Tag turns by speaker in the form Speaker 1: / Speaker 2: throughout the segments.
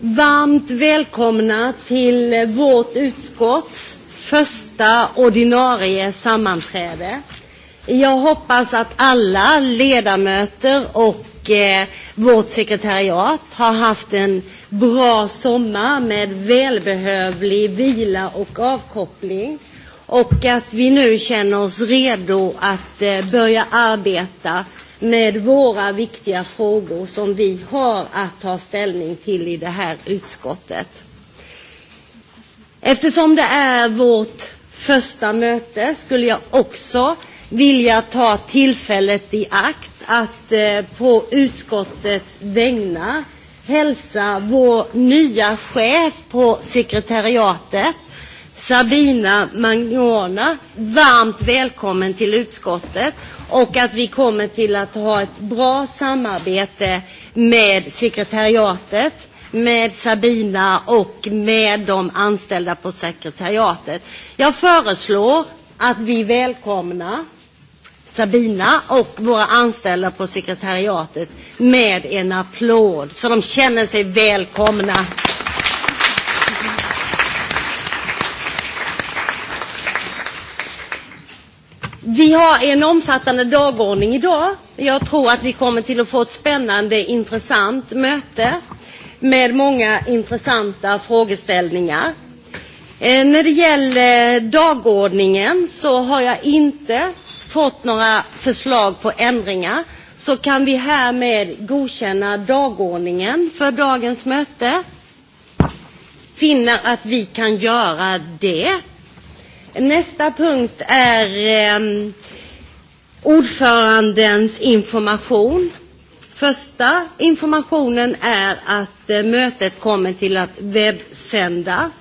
Speaker 1: Varmt välkomna till vårt utskotts första ordinarie sammanträde. Jag hoppas att alla ledamöter och eh, vårt sekretariat har haft en bra sommar med välbehövlig vila och avkoppling och att vi nu känner oss redo att eh, börja arbeta med våra viktiga frågor som vi har att ta ställning till i det här utskottet. Eftersom det är vårt första möte skulle jag också vilja ta tillfället i akt att eh, på utskottets vägnar hälsa vår nya chef på sekretariatet, Sabina Magnona varmt välkommen till utskottet och att vi kommer till att ha ett bra samarbete med sekretariatet med Sabina och med de anställda på sekretariatet. Jag föreslår att vi välkomnar Sabina och våra anställda på sekretariatet med en applåd så de känner sig välkomna. Vi har en omfattande dagordning idag. Jag tror att vi kommer till att få ett spännande, intressant möte med många intressanta frågeställningar. Eh, när det gäller dagordningen så har jag inte fått några förslag på ändringar så kan vi härmed godkänna dagordningen för dagens möte. Finner att vi kan göra det. Nästa punkt är ehm, ordförandens information. Första informationen är att eh, mötet kommer till att webbsändas.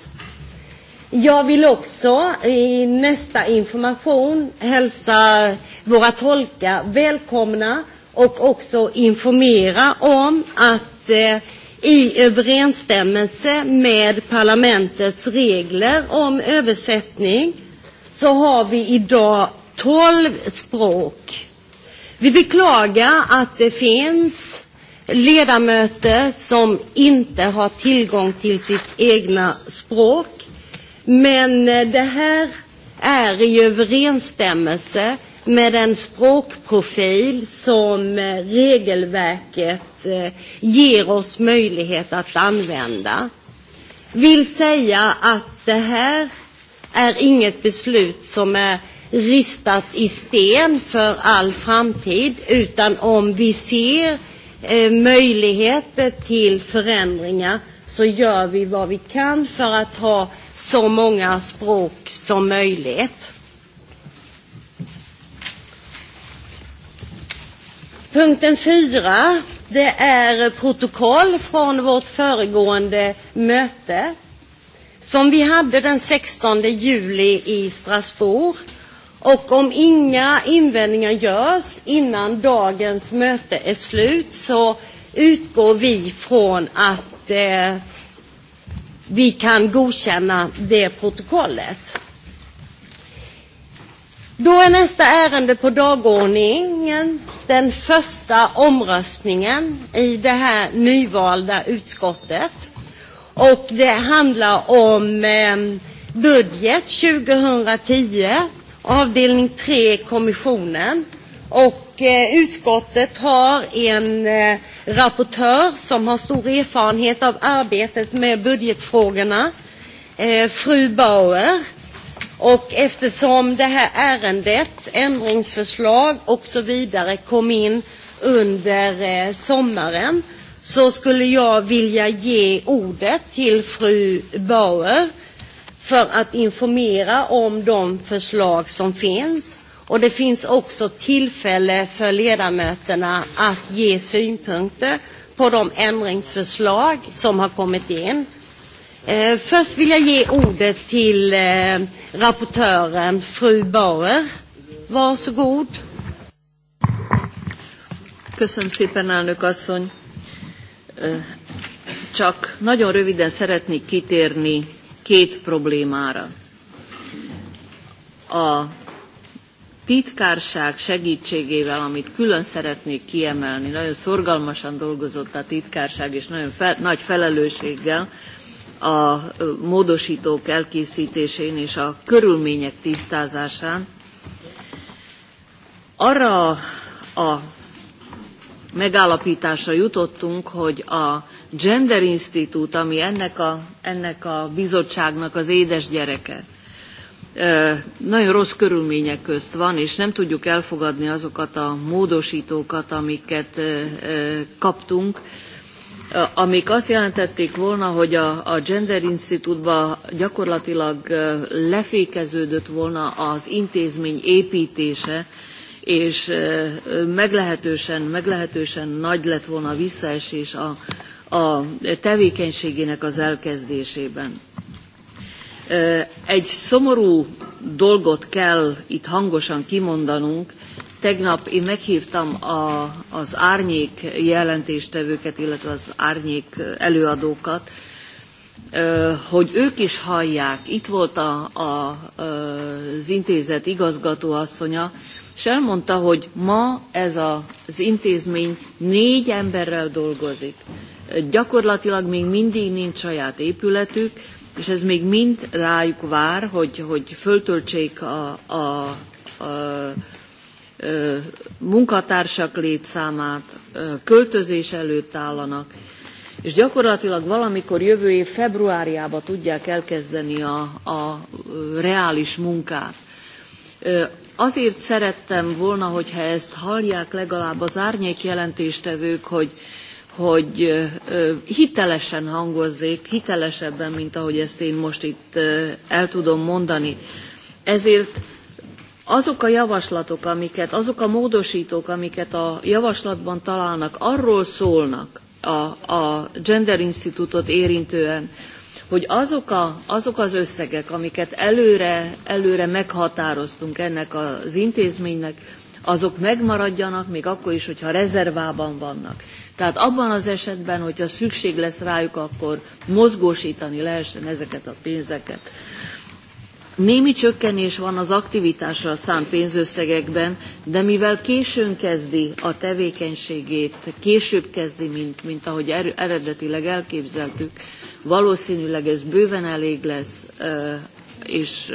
Speaker 1: Jag vill också i nästa information hälsa våra tolkar välkomna och också informera om att eh, i överensstämmelse med parlamentets regler om översättning så har vi idag 12 språk. Vi beklagar att det finns ledamöter som inte har tillgång till sitt egna språk. Men eh, det här är i överensstämmelse med den språkprofil som eh, regelverket eh, ger oss möjlighet att använda. Vill säga att det här är inget beslut som är ristat i sten för all framtid utan om vi ser eh, möjligheter till förändringar så gör vi vad vi kan för att ha så många språk som möjligt. Punkten fyra, det är protokoll från vårt föregående möte som vi hade den 16 juli i Strasbourg. Och om inga invändningar görs innan dagens möte är slut så utgår vi från att eh, vi kan godkänna det protokollet. Då är nästa ärende på dagordningen den första omröstningen i det här nyvalda utskottet. Och det handlar om ehm, budget 2010, avdelning 3, kommissionen. Och eh, utskottet har en eh, rapportör som har stor erfarenhet av arbetet med budgetfrågorna, eh, fru Bauer. Och eftersom det här ärendet, ändringsförslag och så vidare kom in under eh, sommaren så skulle jag vilja ge ordet till fru Bauer för att informera om de förslag som finns. Och det finns också tillfälle för ledamöterna att ge synpunkter på de ändringsförslag som har kommit in. Eh, först vill jag ge ordet till eh, rapportören fru Bauer. Varsågod.
Speaker 2: Köszönöm szépen, elnök asszony. Eh, csak nagyon röviden szeretnék kitérni két problémára. A titkárság segítségével, amit külön szeretnék kiemelni, nagyon szorgalmasan dolgozott a titkárság, és nagyon fe, nagy felelősséggel, a módosítók elkészítésén és a körülmények tisztázásán. Arra a megállapításra jutottunk, hogy a Gender Institute, ami ennek a, ennek a bizottságnak az édesgyereke, nagyon rossz körülmények közt van, és nem tudjuk elfogadni azokat a módosítókat, amiket kaptunk, amik azt jelentették volna, hogy a, a Gender Institute-ba gyakorlatilag lefékeződött volna az intézmény építése, és meglehetősen, meglehetősen nagy lett volna a visszaesés a, a tevékenységének az elkezdésében. Egy szomorú dolgot kell itt hangosan kimondanunk, Tegnap én meghívtam a, az árnyék jelentéstevőket, illetve az árnyék előadókat, hogy ők is hallják. Itt volt a, a, az intézet igazgatóasszonya, és elmondta, hogy ma ez a, az intézmény négy emberrel dolgozik. Gyakorlatilag még mindig nincs saját épületük, és ez még mind rájuk vár, hogy, hogy föltöltsék a, a, a munkatársak létszámát, költözés előtt állanak, és gyakorlatilag valamikor jövő év februárjába tudják elkezdeni a, a reális munkát. Azért szerettem volna, hogyha ezt hallják legalább az árnyék jelentéstevők, hogy, hogy hitelesen hangozzék, hitelesebben, mint ahogy ezt én most itt el tudom mondani. Ezért azok a javaslatok, amiket, azok a módosítók, amiket a javaslatban találnak, arról szólnak a, a Gender Institutot érintően, hogy azok, a, azok az összegek, amiket előre, előre meghatároztunk ennek az intézménynek, azok megmaradjanak még akkor is, hogyha rezervában vannak. Tehát abban az esetben, hogyha szükség lesz rájuk, akkor mozgósítani lehessen ezeket a pénzeket. Némi csökkenés van az aktivitásra szánt pénzösszegekben, de mivel későn kezdi a tevékenységét, később kezdi, mint, mint ahogy er, eredetileg elképzeltük, valószínűleg ez bőven elég lesz, és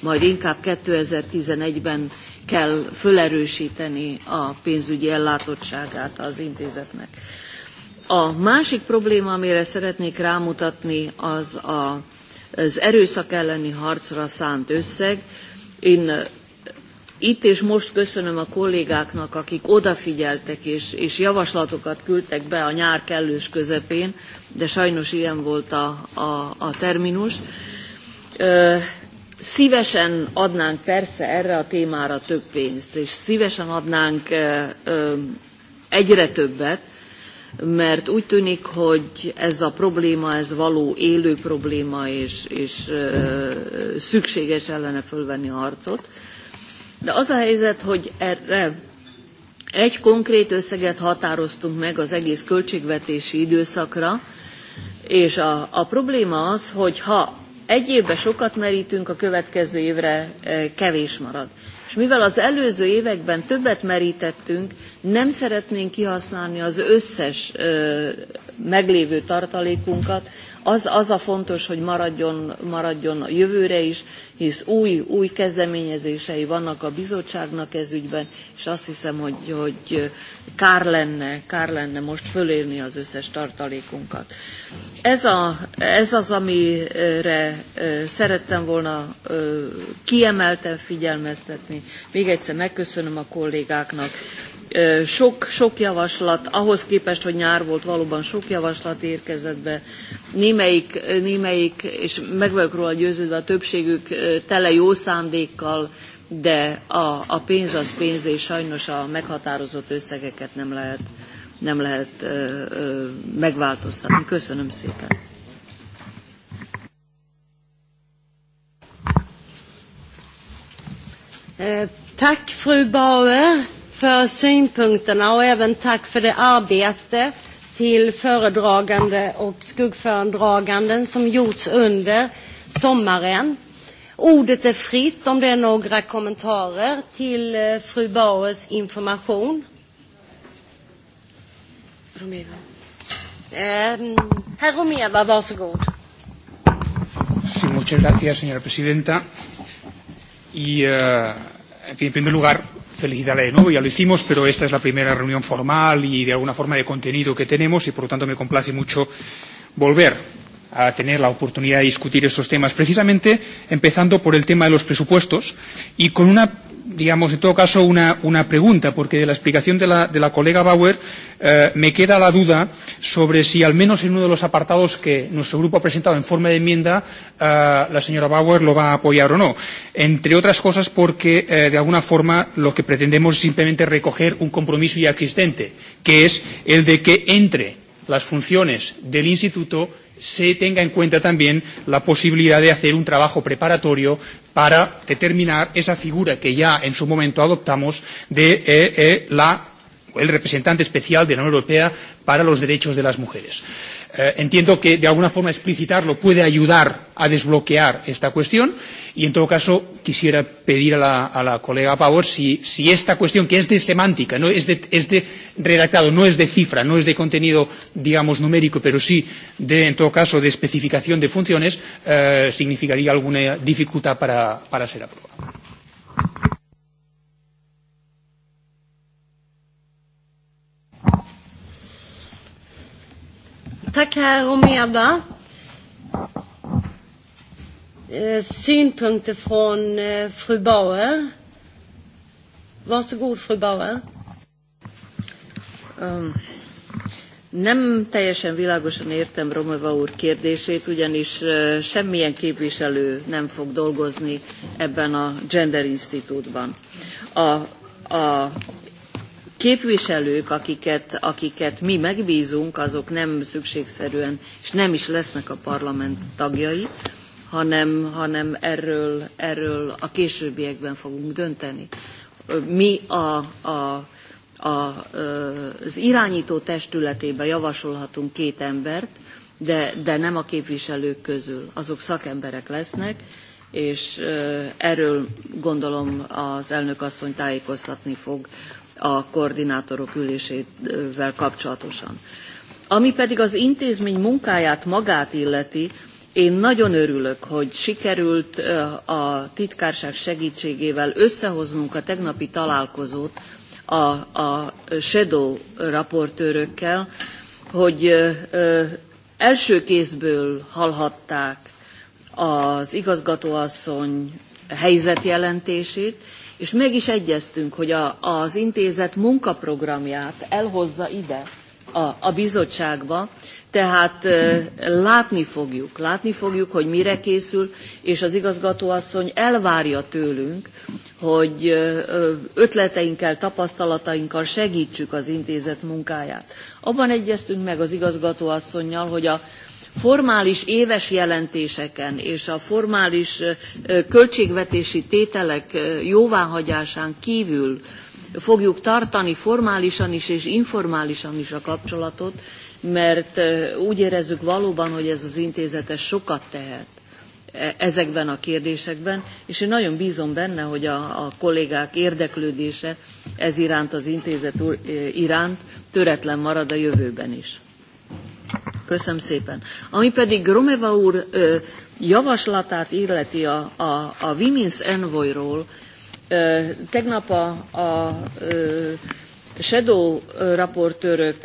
Speaker 2: majd inkább 2011-ben kell fölerősíteni a pénzügyi ellátottságát az intézetnek. A másik probléma, amire szeretnék rámutatni, az a az erőszak elleni harcra szánt összeg. Én eh, itt és most köszönöm a kollégáknak, akik odafigyeltek és, és javaslatokat küldtek be a nyár kellős közepén, de sajnos ilyen volt a, a, a terminus. Eh, szívesen adnánk persze erre a témára több pénzt, és szívesen adnánk eh, egyre többet, mert úgy tűnik, hogy ez a probléma, ez való élő probléma, és, és szükséges ellene fölvenni a harcot. De az a helyzet, hogy erre egy konkrét összeget határoztunk meg az egész költségvetési időszakra, és a, a probléma az, hogy ha egy évben sokat merítünk, a következő évre kevés marad és mivel az előző években többet merítettünk, nem szeretnénk kihasználni az összes meglévő tartalékunkat, az, az a fontos, hogy maradjon, maradjon a jövőre is, hisz új, új kezdeményezései vannak a bizottságnak ez ügyben, és azt hiszem, hogy, hogy kár, lenne, kár lenne most fölérni az összes tartalékunkat. Ez, a, ez az, amire szerettem volna kiemelten figyelmeztetni. Még egyszer megköszönöm a kollégáknak sok-sok javaslat, ahhoz képest, hogy nyár volt, valóban sok javaslat érkezett be. Némelyik, némelyik és meg vagyok róla győződve, a többségük tele jó szándékkal, de a, a pénz az pénz, és sajnos a meghatározott összegeket nem lehet, nem lehet ö, ö, megváltoztatni. Köszönöm szépen.
Speaker 1: Tack fru Bauer för synpunkterna och även tack för det arbete till föredragande och skuggföredraganden som gjorts under sommaren. Ordet är fritt om det är några kommentarer till eh, fru Bauers information. Romeva. Eh, herr Romeva, varsågod.
Speaker 3: Sí, muchas gracias, señora presidenta. Y, uh, en fin, en primer lugar, felicitarle de nuevo, ya lo hicimos, pero esta es la primera reunión formal y de alguna forma de contenido que tenemos y por lo tanto me complace mucho volver a tener la oportunidad de discutir esos temas, precisamente empezando por el tema de los presupuestos y con una digamos, en todo caso, una, una pregunta, porque de la explicación de la, de la colega Bauer eh, me queda la duda sobre si al menos en uno de los apartados que nuestro grupo ha presentado en forma de enmienda, eh, la señora Bauer lo va a apoyar o no. Entre otras cosas porque, eh, de alguna forma, lo que pretendemos es simplemente recoger un compromiso ya existente, que es el de que entre las funciones del Instituto se tenga en cuenta también la posibilidad de hacer un trabajo preparatorio para determinar esa figura que ya en su momento adoptamos de eh, eh, la el representante especial de la Unión Europea para los derechos de las mujeres. Eh, entiendo que de alguna forma explicitarlo puede ayudar a desbloquear esta cuestión y en todo caso quisiera pedir a la, a la colega Power si, si esta cuestión que es de semántica, no es de, es de redactado no es de cifra, no es de contenido, digamos, numérico, pero sí, de, en todo caso, de especificación de funciones, eh, significaría alguna dificultad para, para ser aprobado.
Speaker 1: Tack Eh, Synpunkter från eh, fru Bauer. Varsågod, fru Bauer.
Speaker 2: Nem teljesen világosan értem Romeva úr kérdését, ugyanis semmilyen képviselő nem fog dolgozni ebben a Gender Institute-ban. A, a képviselők, akiket, akiket mi megbízunk, azok nem szükségszerűen, és nem is lesznek a parlament tagjai, hanem, hanem erről, erről a későbbiekben fogunk dönteni. Mi a, a a, az irányító testületébe javasolhatunk két embert, de, de nem a képviselők közül. Azok szakemberek lesznek, és erről gondolom az elnök asszony tájékoztatni fog a koordinátorok ülésével kapcsolatosan. Ami pedig az intézmény munkáját magát illeti, én nagyon örülök, hogy sikerült a titkárság segítségével összehoznunk a tegnapi találkozót a, a shadow raportőrökkel, hogy első kézből hallhatták az igazgatóasszony helyzetjelentését, és meg is egyeztünk, hogy a, az intézet munkaprogramját elhozza ide a, a bizottságba, tehát látni fogjuk, látni fogjuk, hogy mire készül, és az igazgatóasszony elvárja tőlünk, hogy ötleteinkkel, tapasztalatainkkal segítsük az intézet munkáját. Abban egyeztünk meg az igazgatóasszonynal, hogy a formális éves jelentéseken és a formális költségvetési tételek jóváhagyásán kívül fogjuk tartani formálisan is és informálisan is a kapcsolatot, mert úgy érezzük valóban, hogy ez az intézetes sokat tehet e, ezekben a kérdésekben, és én nagyon bízom benne, hogy a, a kollégák érdeklődése ez iránt az intézet iránt töretlen marad a jövőben is. Köszönöm szépen. Ami pedig Romeva úr ö, javaslatát illeti a, a, a Women's Envoy-ról, ö, tegnap a, a ö, shadow raportőrök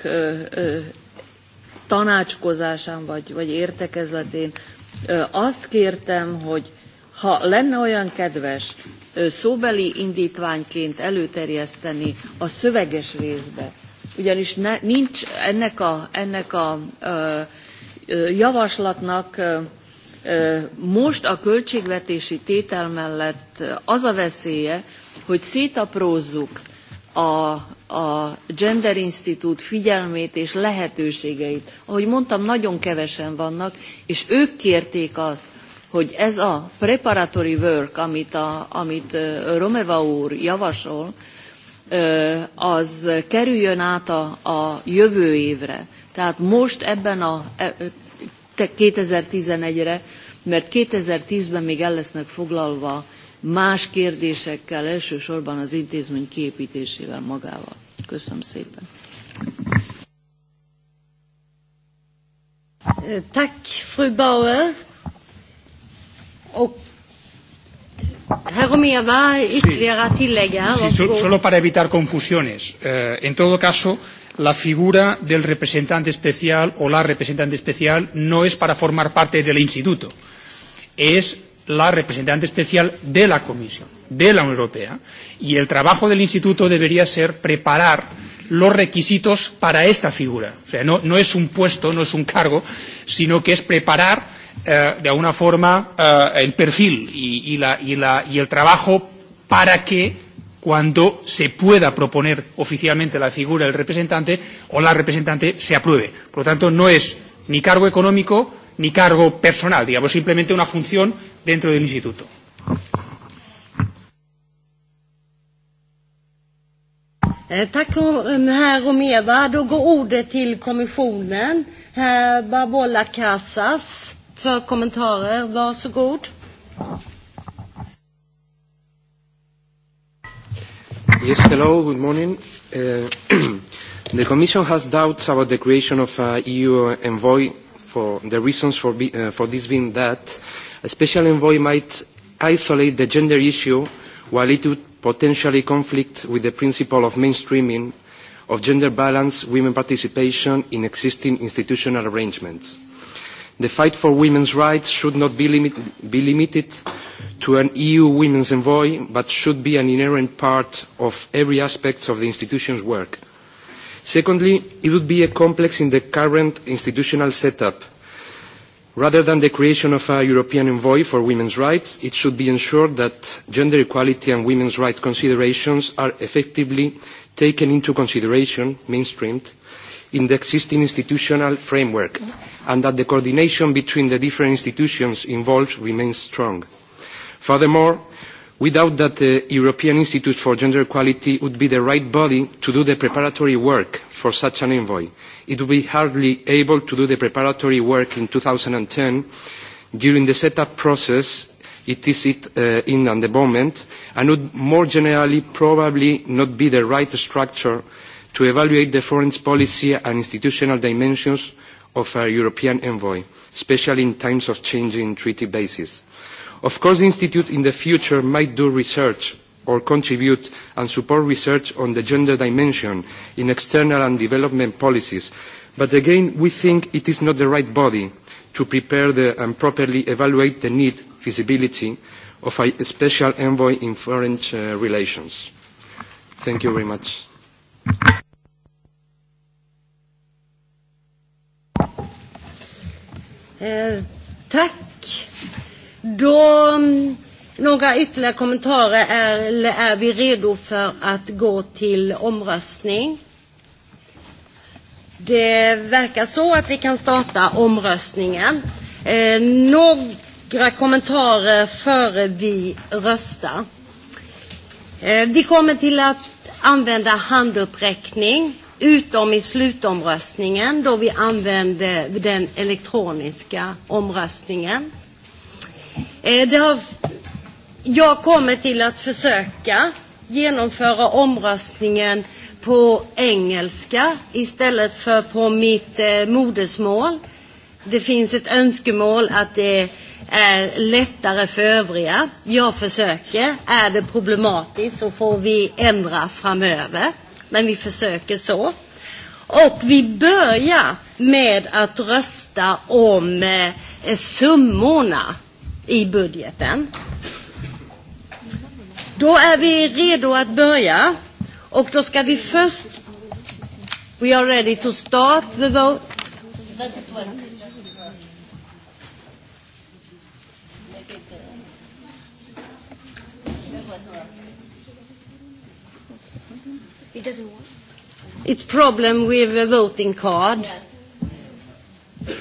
Speaker 2: tanácskozásán vagy, vagy értekezletén azt kértem, hogy ha lenne olyan kedves szóbeli indítványként előterjeszteni a szöveges részbe, ugyanis ne, nincs ennek a, ennek a ö, javaslatnak ö, most a költségvetési tétel mellett az a veszélye, hogy szétaprózzuk a, a Gender Institute figyelmét és lehetőségeit. Ahogy mondtam, nagyon kevesen vannak, és ők kérték azt, hogy ez a preparatory work, amit, a, amit Romeva úr javasol, az kerüljön át a, a jövő évre. Tehát most ebben a 2011-re, e, mert 2010-ben még el lesznek foglalva más kérdésekkel, elsősorban az intézmény kiépítésével magával. Köszönöm szépen.
Speaker 1: Eh, tack, fru Bauer. Och Romeva, ytterligare att tillägga. Sí, sí, solo
Speaker 3: para evitar confusiones. Eh, en todo caso, la figura del representante especial o la representante especial no es para formar parte del instituto. Es la representante especial de la Comisión, de la Unión Europea, y el trabajo del Instituto debería ser preparar los requisitos para esta figura. O sea, no, no es un puesto, no es un cargo, sino que es preparar eh, de alguna forma eh, el perfil y, y, la, y, la, y el trabajo para que cuando se pueda proponer oficialmente la figura del representante o la representante se apruebe. Por lo tanto, no es ni cargo económico ni cargo personal, digamos, simplemente una función dentro del instituto.
Speaker 1: Eh, tack um, herr Romeva. Då går ordet till kommissionen. Herr Barbola Casas för kommentarer. Varsågod.
Speaker 4: Yes, hello, good morning. Uh, the Commission has doubts about the creation of a EU envoy for the reasons for, be, uh, for this being that a special envoy might isolate the gender issue while it would potentially conflict with the principle of mainstreaming of gender balance, women participation in existing institutional arrangements. The fight for women's rights should not be, limit, be limited to an EU women's envoy, but should be an inherent part of every aspect of the institution's work Secondly, it would be a complex in the current institutional setup. Rather than the creation of a European envoy for women's rights, it should be ensured that gender equality and women's rights considerations are effectively taken into consideration, mainstreamed, in the existing institutional framework, and that the coordination between the different institutions involved remains strong. Furthermore, We doubt that the uh, European Institute for Gender Equality would be the right body to do the preparatory work for such an envoy. It would be hardly able to do the preparatory work in 2010 during the setup process it is it, uh, in at the moment, and would more generally probably not be the right structure to evaluate the foreign policy and institutional dimensions of a European envoy, especially in times of changing treaty bases. Of course, the Institute in the future might do research or contribute and support research on the gender dimension in external and development policies. But again, we think it is not the right body to prepare the, and properly evaluate the need, feasibility of a special envoy in foreign uh, relations. Thank you very much.
Speaker 1: Eh, Då, några ytterligare kommentarer. Är, eller är vi redo för att gå till omröstning? Det verkar så att vi kan starta omröstningen. Eh, några kommentarer före vi röstar. Eh, vi kommer till att använda handuppräckning utom i slutomröstningen då vi använder den elektroniska omröstningen. Eh, det har, jag kommer till att försöka genomföra omröstningen på engelska istället för på mitt eh, modersmål. Det finns ett önskemål att det är lättare för övriga. Jag försöker. Är det problematiskt så får vi ändra framöver. Men vi försöker så. Och vi börjar med att rösta om eh, summorna i budgeten. Då är vi redo att börja och då ska vi först... We are ready to start the vote.
Speaker 2: It
Speaker 5: doesn't work.
Speaker 1: It's problem with the voting card. Yeah.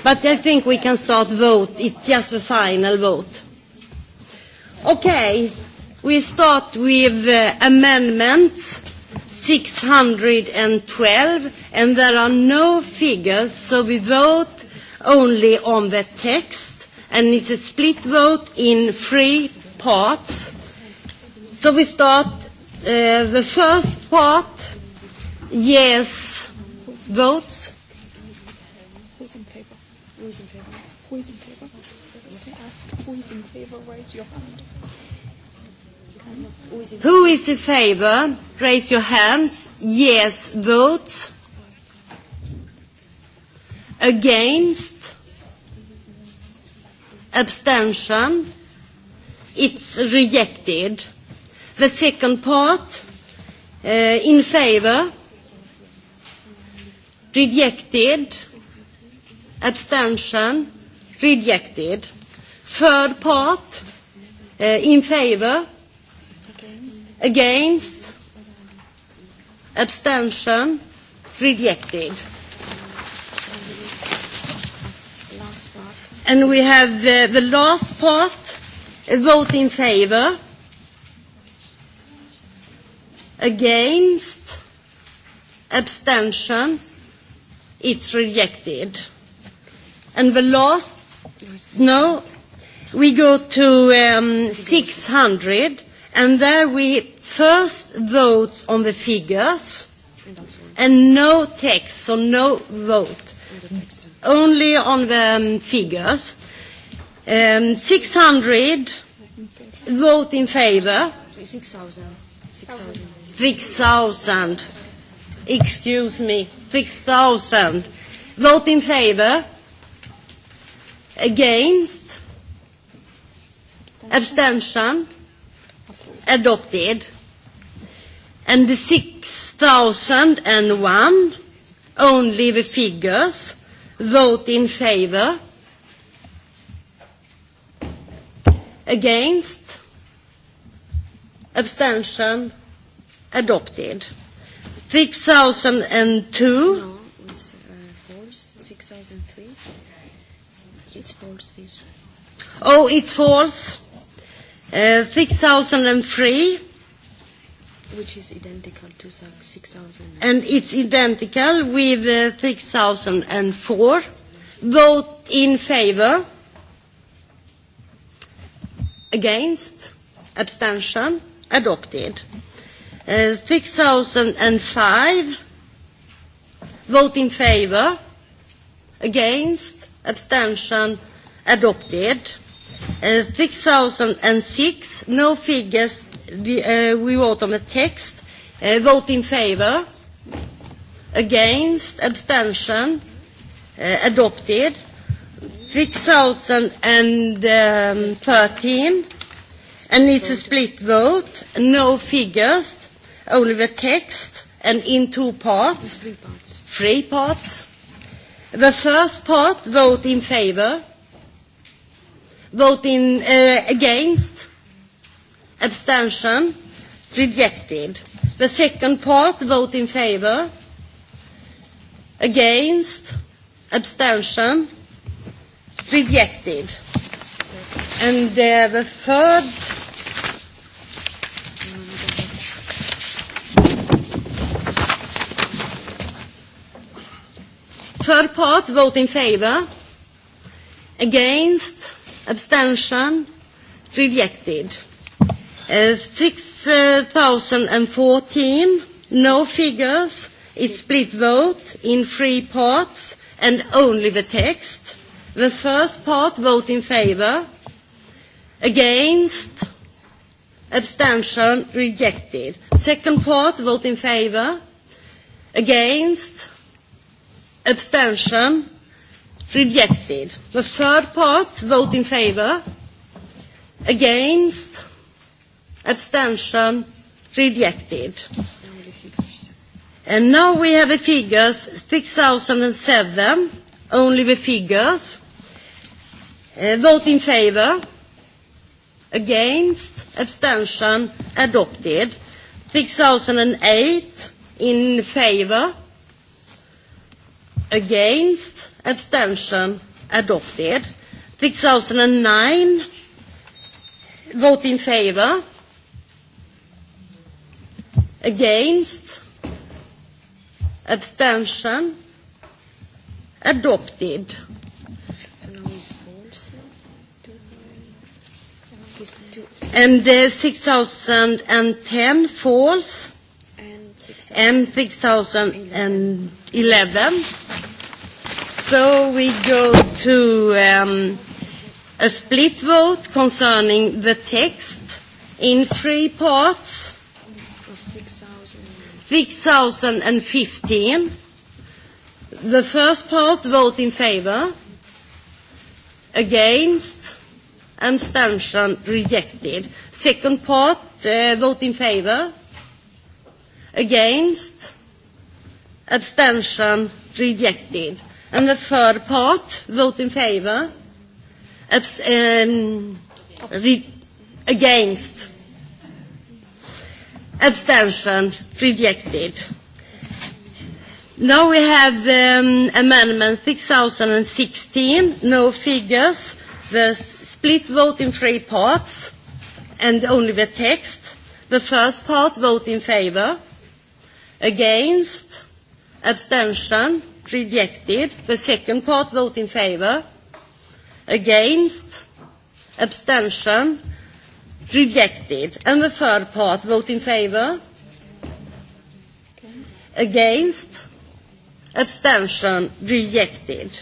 Speaker 1: But I think we can start vote. It's just the final vote. Okay, we start with uh, amendment 612, and there are no figures, so we vote only on the text, and it's a split vote in three parts. So we start uh, the first part, yes votes,
Speaker 6: Who is in favor? Raise your hand. Who is
Speaker 1: in favor? Raise your hands. Yes, vote. Against? Abstention? It's rejected. The second part, uh, in favor? Rejected? Abstention? Rejected. Third part, uh, in favor, against, abstention, rejected. And we have the, uh, the last part, a vote in favor, against, abstention, it's rejected. And the last, no, We go to um, 600, and there we first vote on the figures, and no text, so no vote, only on the um, figures. Um, 600 vote in favor. 6,000. 6,000. Excuse me. 6,000. Vote in favor. Against abstention adopted and the 6001 only the figures vote in favor against abstention adopted 6002 no, it's, uh, it's false this oh it's false 6003 uh, which is identical to 6000 and it's identical with uh, 6004 vote in favor against abstention adopted uh, 6005 vote in favor against abstention adopted 6006, uh, no figures. The, uh, we vote on the text. Uh, vote in favor. Against. Abstention. Uh, adopted. 6013. And it's a split vote. No figures. Only the text. And in two parts. three parts. Three parts. The first part, vote in favor Voting uh, against? Abstention? Rejected. The second part, vote in favour. Against? Abstention? Rejected. And uh, the third Third part, vote in favour. Against? abstention rejected. Uh, 6014, uh, no figures. It's split vote in three parts and only the text. The first part, vote in favour. Against, abstention, rejected. Second part, vote in favour. Against, abstention, Rejected. The third part, vote in favour. Against. Abstention. Rejected. And now we have the figures 6007, only the figures. Uh, vote in favour. Against. Abstention. Adopted. 6008 in favour against, abstention, adopted. 6009, vote in favor, against, abstention, adopted. And uh, 6010 false. And 6011. So we go to um, a split vote concerning the text in three parts. 6015. The first part, vote in favor. Against. Abstention rejected. Second part, uh, vote in favor. Against. Abstention rejected. And the third part, vote in favour. Abs um, re against. Abstention. Rejected. Now we have um, amendment 6016, no figures, the split vote in three parts, and only the text. The first part, vote in favour, against, abstention, rejected. The second part, vote in favour. Against, abstention, rejected. And the third part, vote in favour. Against, abstention, rejected.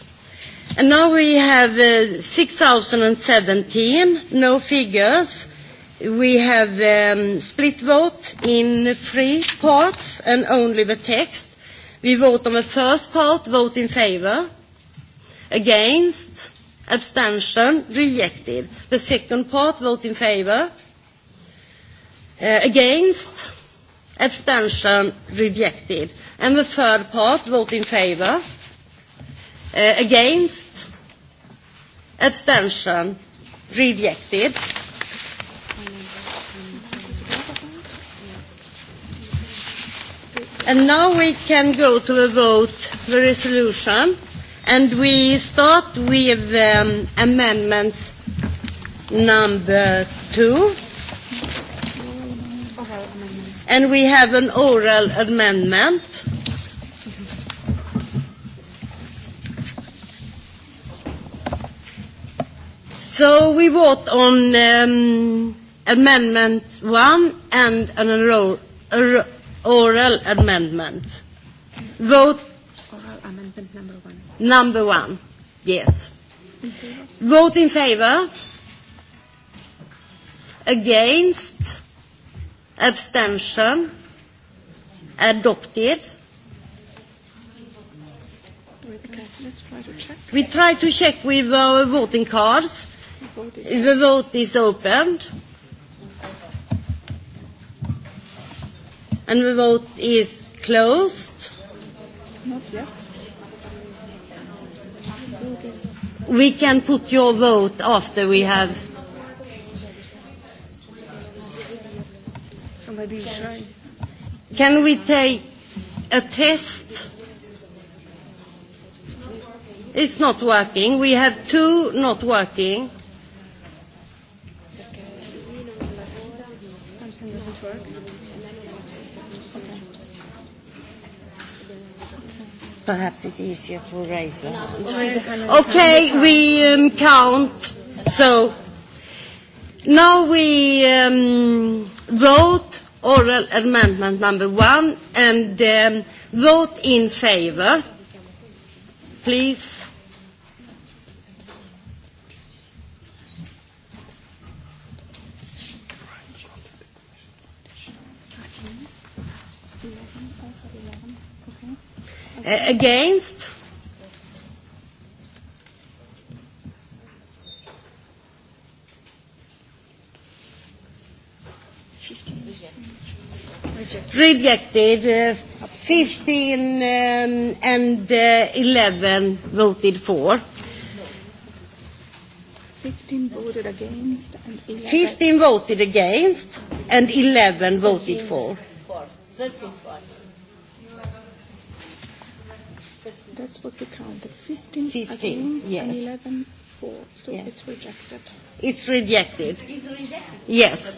Speaker 1: And now we have uh, 6,017, no figures. We have um, split vote in three parts and only the text. We vote on the first part, vote in favour. Against, abstention, rejected. The second part, vote in favour. Uh, against, abstention, rejected. And the third part, vote in favour. Uh, against, abstention, rejected. And now we can go to a vote, the resolution, and we start with um, amendments number two. And we have an oral amendment. So we vote on um, amendment one and an oral oral amendment. Vote.
Speaker 7: Oral amendment number one.
Speaker 1: Number one. Yes. In Vote in favor. Against. Abstention. Adopted.
Speaker 8: Okay, let's try to check.
Speaker 1: We try to check with our voting cards. The vote is, the vote is opened. opened. And the vote is closed. We can put your vote after we have. Can we take a test? It's not working. We have two not working.
Speaker 6: Something doesn't work.
Speaker 1: perhaps it's easier for raise a hand.
Speaker 2: Okay, we
Speaker 1: um, count. So now we um, vote oral amendment number one and um, vote in favor. Please. Against? Rejected. Uh, 15 um, and uh, 11 voted for.
Speaker 2: 15 voted against and 11 15
Speaker 1: voted against
Speaker 7: and 11 voted for.
Speaker 2: 13 for.
Speaker 6: That's what we counted. 15, 15 against yes. and
Speaker 7: 11
Speaker 1: for. So yes. it's rejected. It's rejected. It's rejected. Yes.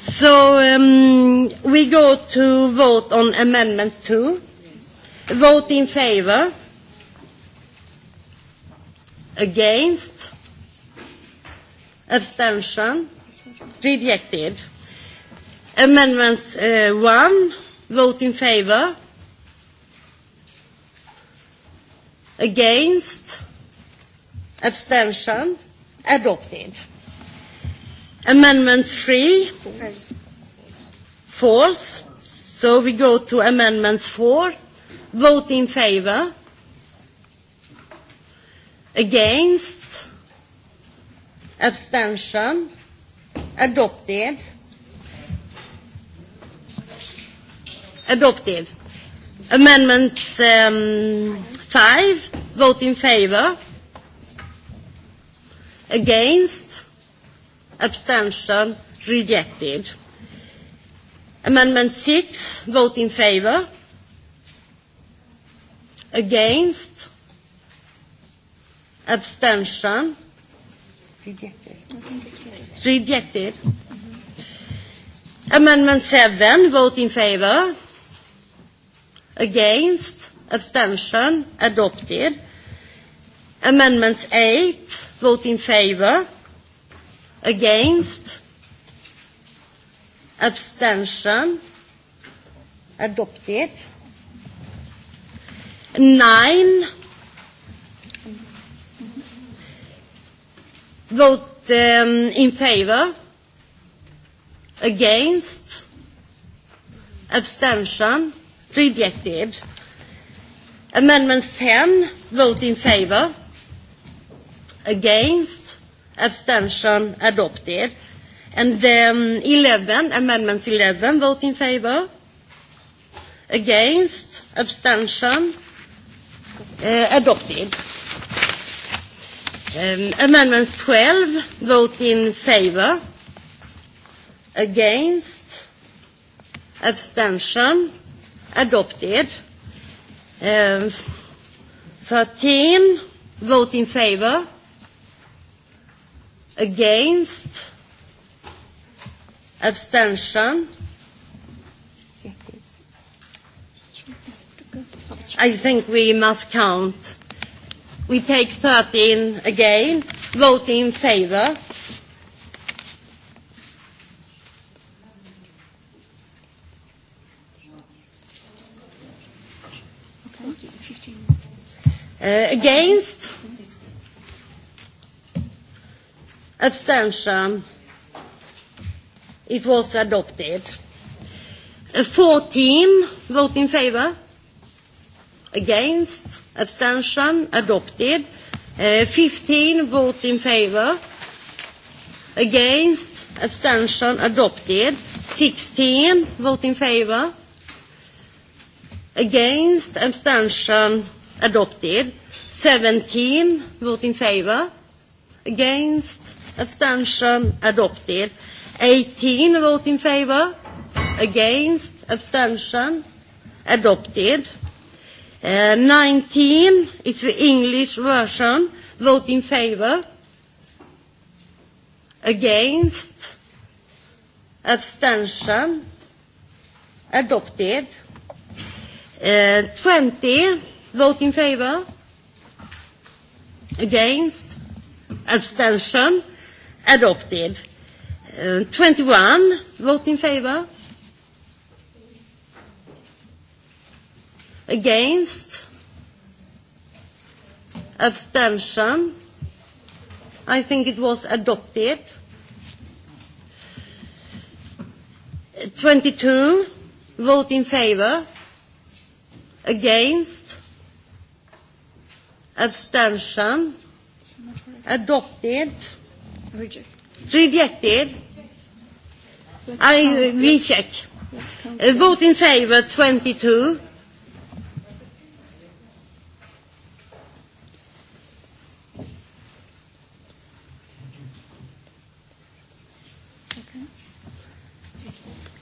Speaker 1: So um, we go to vote on amendments two. Yes. Vote in favor. Against. Abstention. Rejected. Amendments uh, one Vote in favour. Against. Abstention. Adopted. Amendment three False. False. So we go to amendment four. Vote in favour. Against. Abstention. Adopted. Adopted. Amendment um, 5. Vote in favour. Against. Abstention. Rejected. Amendment 6. Vote in favour. Against. Abstention. Rejected. Rejected. Mm -hmm. Amendment 7. Vote in favour. Against? Abstention? Adopted. Amendments 8. Vote in favor. Against? Abstention? Adopted. 9. Vote um, in favor. Against? Abstention? Rejected. Amendments 10, vote in favour. Against. Abstention adopted. And um, 11, amendments 11, vote in favour. Against. Abstention uh, adopted. Um, amendments 12, vote in favour. Against. Abstention adopted. Um, 13 vote in favor, against, abstention. I think we must count. We take 13 again, vote in favor, Uh, against? Abstention. It was adopted. Uh, 14 vote in favour. Against? Abstention. Adopted. Uh, 15 vote in favour. Against? Abstention. Adopted. 16 vote in favour. Against? Abstention adopted. 17, vote in favour. Against, abstention, adopted. 18, vote in favour. Against, abstention, adopted. Uh, 19, it's the English version. Vote in favour. Against, abstention, adopted. Uh, 20, Vote in favor. Against? Abstention? Adopted. Uh, 21. Vote in favor. Against? Abstention? I think it was adopted. 22. Vote in favor. Against? abstention, adopted, rejected. I, we uh, check. Uh, vote in favor 22.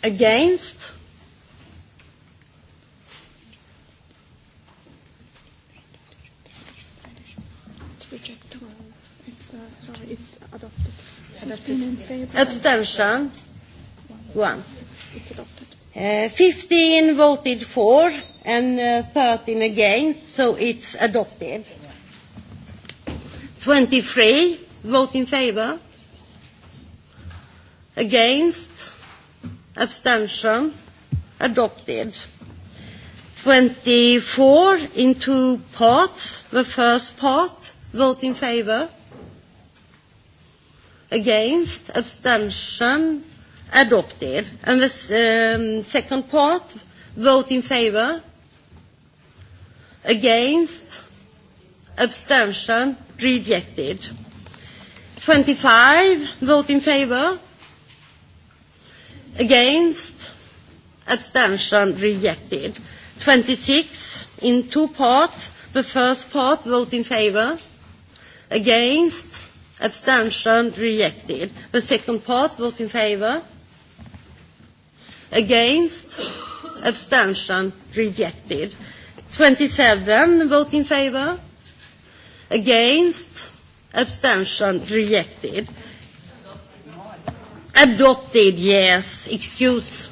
Speaker 1: Against?
Speaker 5: Abstention? One.
Speaker 1: Uh, 15 voted for and uh, 13 against, so it's adopted. 23 vote in favor. against, abstention, adopted. 24 in two parts. The first part, vote in favor against, abstention, adopted. And the um, second part, vote in favor, against, abstention, rejected. 25, vote in favor, against, abstention, rejected. 26, in two parts, the first part, vote in favor, against, abstention rejected. The second part, vote in favour. Against, abstention rejected. 27, vote in favour. Against, abstention rejected. Adopted, yes, excuse.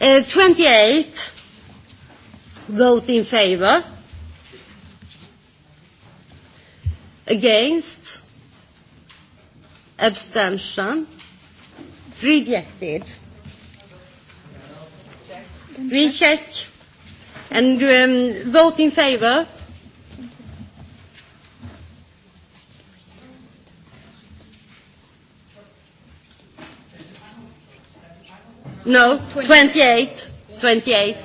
Speaker 1: Uh, 28, vote in favour. Against, abstention rejected. We and um, vote in favor. No, 28. 28.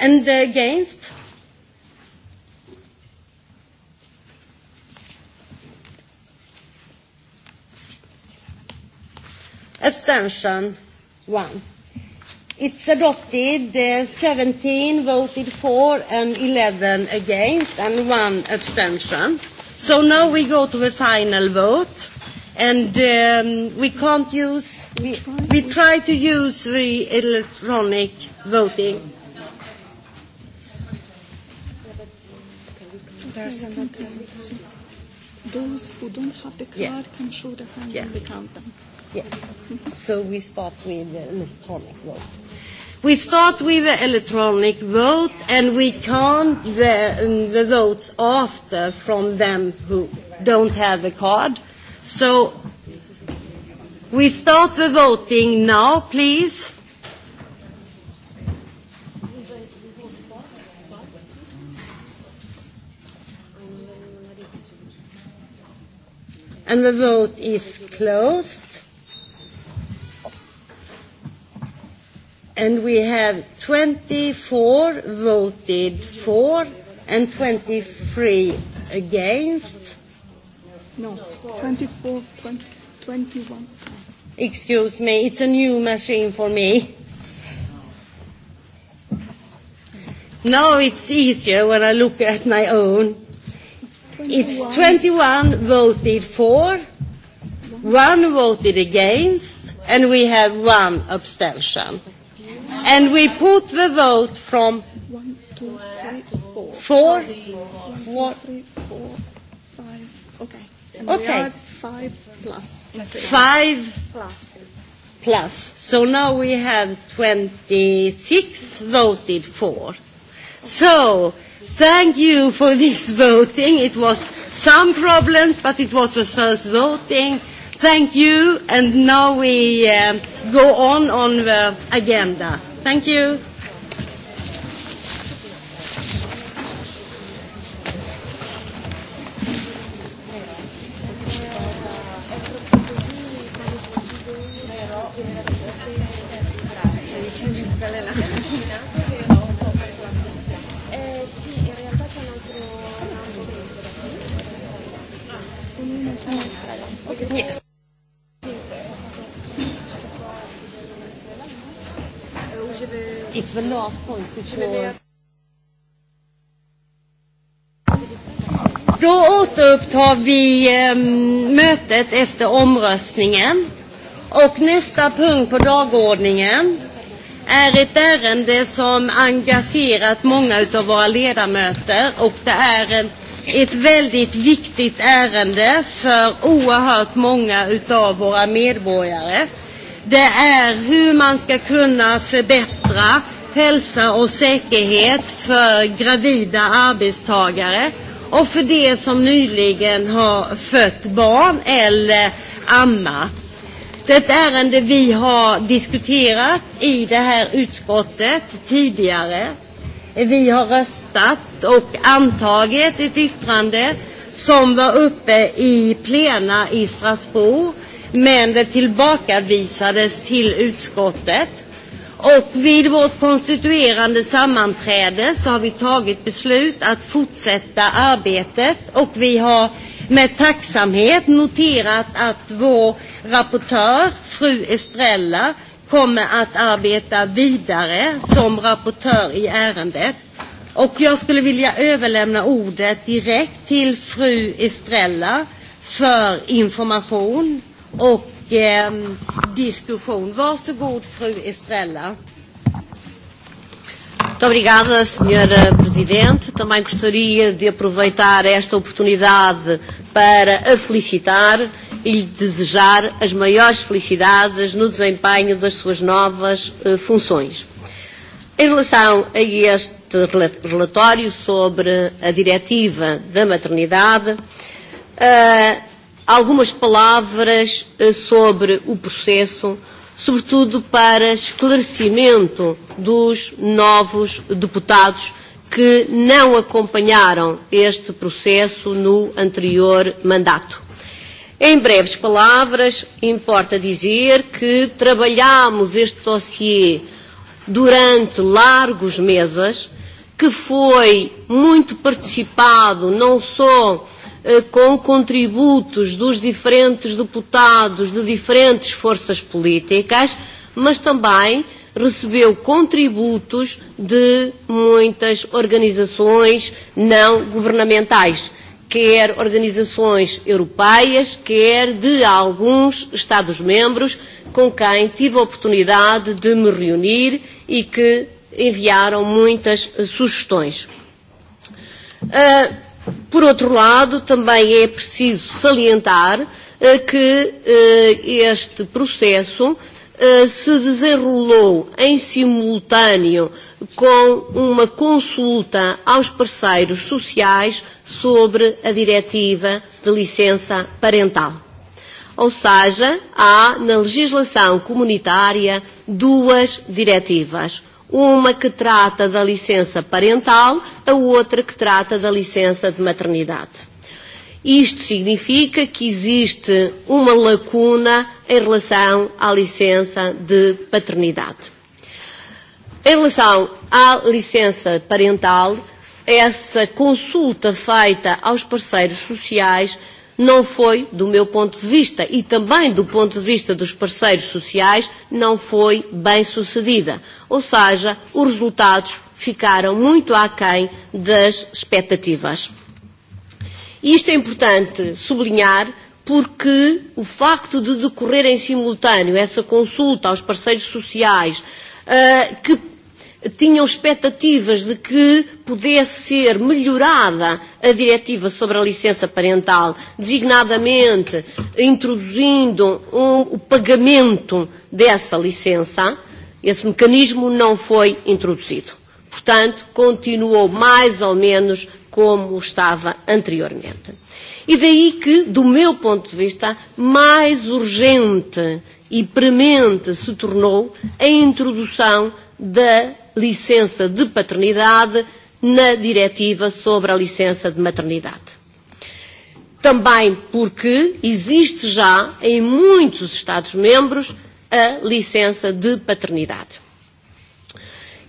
Speaker 1: and against? Abstention, one. It's adopted. Uh, 17 voted for and 11 against and one abstention. So now we go to the final vote. And um, we can't use, we, we try to use the electronic voting.
Speaker 6: Those who don't have the card yeah. can show their hands yeah. and we count them.
Speaker 1: Yeah. So we start with the electronic vote. We start with the electronic vote, and we count the, um, the votes after from them who don't have a card. So we start the voting now, please. And the vote is closed. and we have 24 voted for and 23 against.
Speaker 6: No, 24, 20, 21.
Speaker 1: Excuse me, it's a new machine for me. Now it's easier when I look at my own. It's 21 voted for, one voted against, and we have one abstention. And we put the vote from
Speaker 8: one, two, three, four, four,
Speaker 1: four, three, four, five. Okay. And okay. We five plus. Five plus. plus. So now we have 26 voted for. So thank you for this voting. It was some problems, but it was the first voting. Thank you, and now we um, go on on the agenda. Thank you.
Speaker 6: Yes. It's the
Speaker 1: last point which you're... Då återupptar vi eh, mötet efter omröstningen. Och nästa punkt på dagordningen är ett ärende som engagerat många av våra ledamöter och det är en, ett väldigt viktigt ärende för oerhört många av våra medborgare det är hur man ska kunna förbättra hälsa och säkerhet för gravida arbetstagare och för de som nyligen har fött barn eller amma. Det är ett ärende vi har diskuterat i det här utskottet tidigare. Vi har röstat och antagit ett yttrande som var uppe i plena i Strasbourg men det tillbakavisades till utskottet. Och vid vårt konstituerande sammanträde så har vi tagit beslut att fortsätta arbetet och vi har med tacksamhet noterat att vår rapportör, fru Estrella, kommer att arbeta vidare som rapportör i ärendet. Och jag skulle vilja överlämna ordet direkt till fru Estrella för information och eh, diskussion. Varsågod fru Estrella.
Speaker 7: Muito obrigada, Senhora Presidente. Também gostaria de aproveitar esta oportunidade para a felicitar e lhe desejar as maiores felicidades no desempenho das suas novas uh, funções. Em relação a este relatório sobre a diretiva da maternidade, eh, algumas palavras eh, sobre o processo, sobretudo para esclarecimento dos novos deputados que não acompanharam este processo no anterior mandato. Em breves palavras, importa dizer que trabalhámos este dossiê durante largos meses, que foi muito participado não só Eh, com contributos dos diferentes deputados de diferentes forças políticas, mas também recebeu contributos de muitas organizações não governamentais, quer organizações europeias, quer de alguns Estados-membros com quem tive a oportunidade de me reunir e que enviaram muitas sugestões. Uh, Por outro lado, também é preciso salientar eh, que eh, este processo eh, se desenrolou em simultâneo com uma consulta aos parceiros sociais sobre a diretiva de licença parental. Ou seja, há na legislação comunitária duas diretivas uma que trata da licença parental, a outra que trata da licença de maternidade. Isto significa que existe uma lacuna em relação à licença de paternidade. Em relação à licença parental, essa consulta feita aos parceiros sociais não foi, do meu ponto de vista e também do ponto de vista dos parceiros sociais, não foi bem sucedida. Ou seja, os resultados ficaram muito aquém das expectativas. E isto é importante sublinhar porque o facto de decorrer em simultâneo essa consulta aos parceiros sociais, uh, que tinham expectativas de que pudesse ser melhorada a diretiva sobre a licença parental, designadamente introduzindo um, o pagamento dessa licença, esse mecanismo não foi introduzido. Portanto, continuou mais ou menos como estava anteriormente. E daí que, do meu ponto de vista, mais urgente e premente se tornou a introdução da licença de paternidade na diretiva sobre a licença de maternidade. Também porque existe já em muitos Estados-membros a licença de paternidade.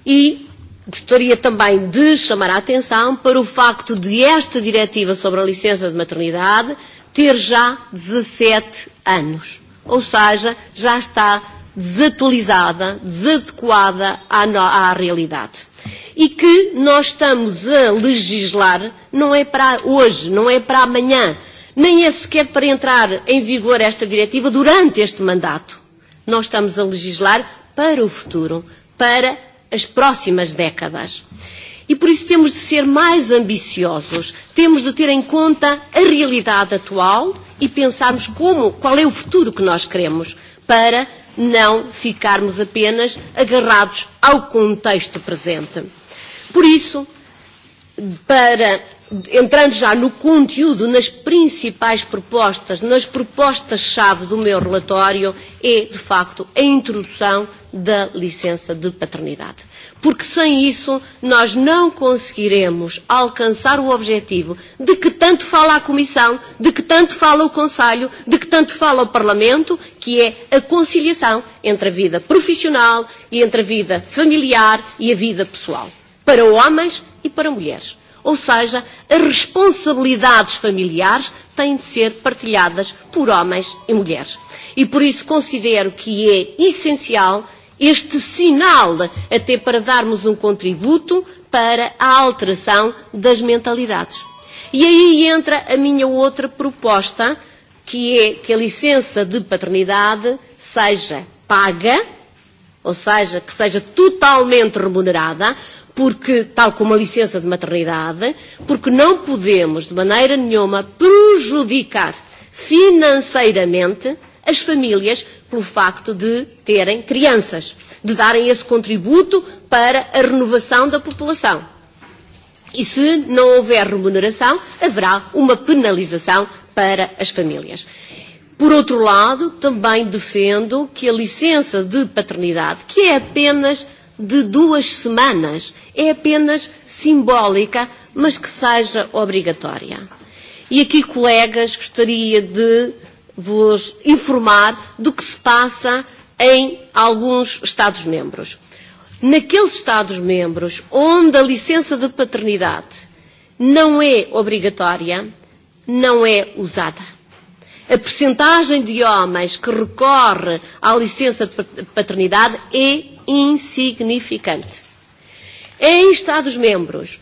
Speaker 7: E gostaria também de chamar a atenção para o facto de esta diretiva sobre a licença de maternidade ter já 17 anos. Ou seja, já está desatualizada, desadequada à, no, à realidade. E que nós estamos a legislar não é para hoje, não é para amanhã, nem é sequer para entrar em vigor esta diretiva durante este mandato. Nós estamos a legislar para o futuro, para as próximas décadas. E por isso temos de ser mais ambiciosos, temos de ter em conta a realidade atual e pensarmos como, qual é o futuro que nós queremos para não ficarmos apenas agarrados ao contexto presente. Por isso, para entrando já no conteúdo, nas principais propostas, nas propostas-chave do meu relatório, é, de facto, a introdução da licença de paternidade porque sem isso nós não conseguiremos alcançar o objetivo de que tanto fala a Comissão, de que tanto fala o Conselho, de que tanto fala o Parlamento, que é a conciliação entre a vida profissional e entre a vida familiar e a vida pessoal, para homens e para mulheres. Ou seja, as responsabilidades familiares têm de ser partilhadas por homens e mulheres. E por isso considero que é essencial este sinal até para darmos um contributo para a alteração das mentalidades. E aí entra a minha outra proposta, que é que a licença de paternidade seja paga, ou seja, que seja totalmente remunerada, porque, tal como a licença de maternidade, porque não podemos, de maneira nenhuma, prejudicar financeiramente as famílias pelo facto de terem crianças, de darem esse contributo para a renovação da população. E se não houver remuneração, haverá uma penalização para as famílias. Por outro lado, também defendo que a licença de paternidade, que é apenas de duas semanas, é apenas simbólica, mas que seja obrigatória. E aqui, colegas, gostaria de vos informar do que se passa em alguns Estados-membros. Naqueles Estados-membros onde a licença de paternidade não é obrigatória, não é usada. A percentagem de homens que recorre à licença de paternidade é insignificante. Em Estados-membros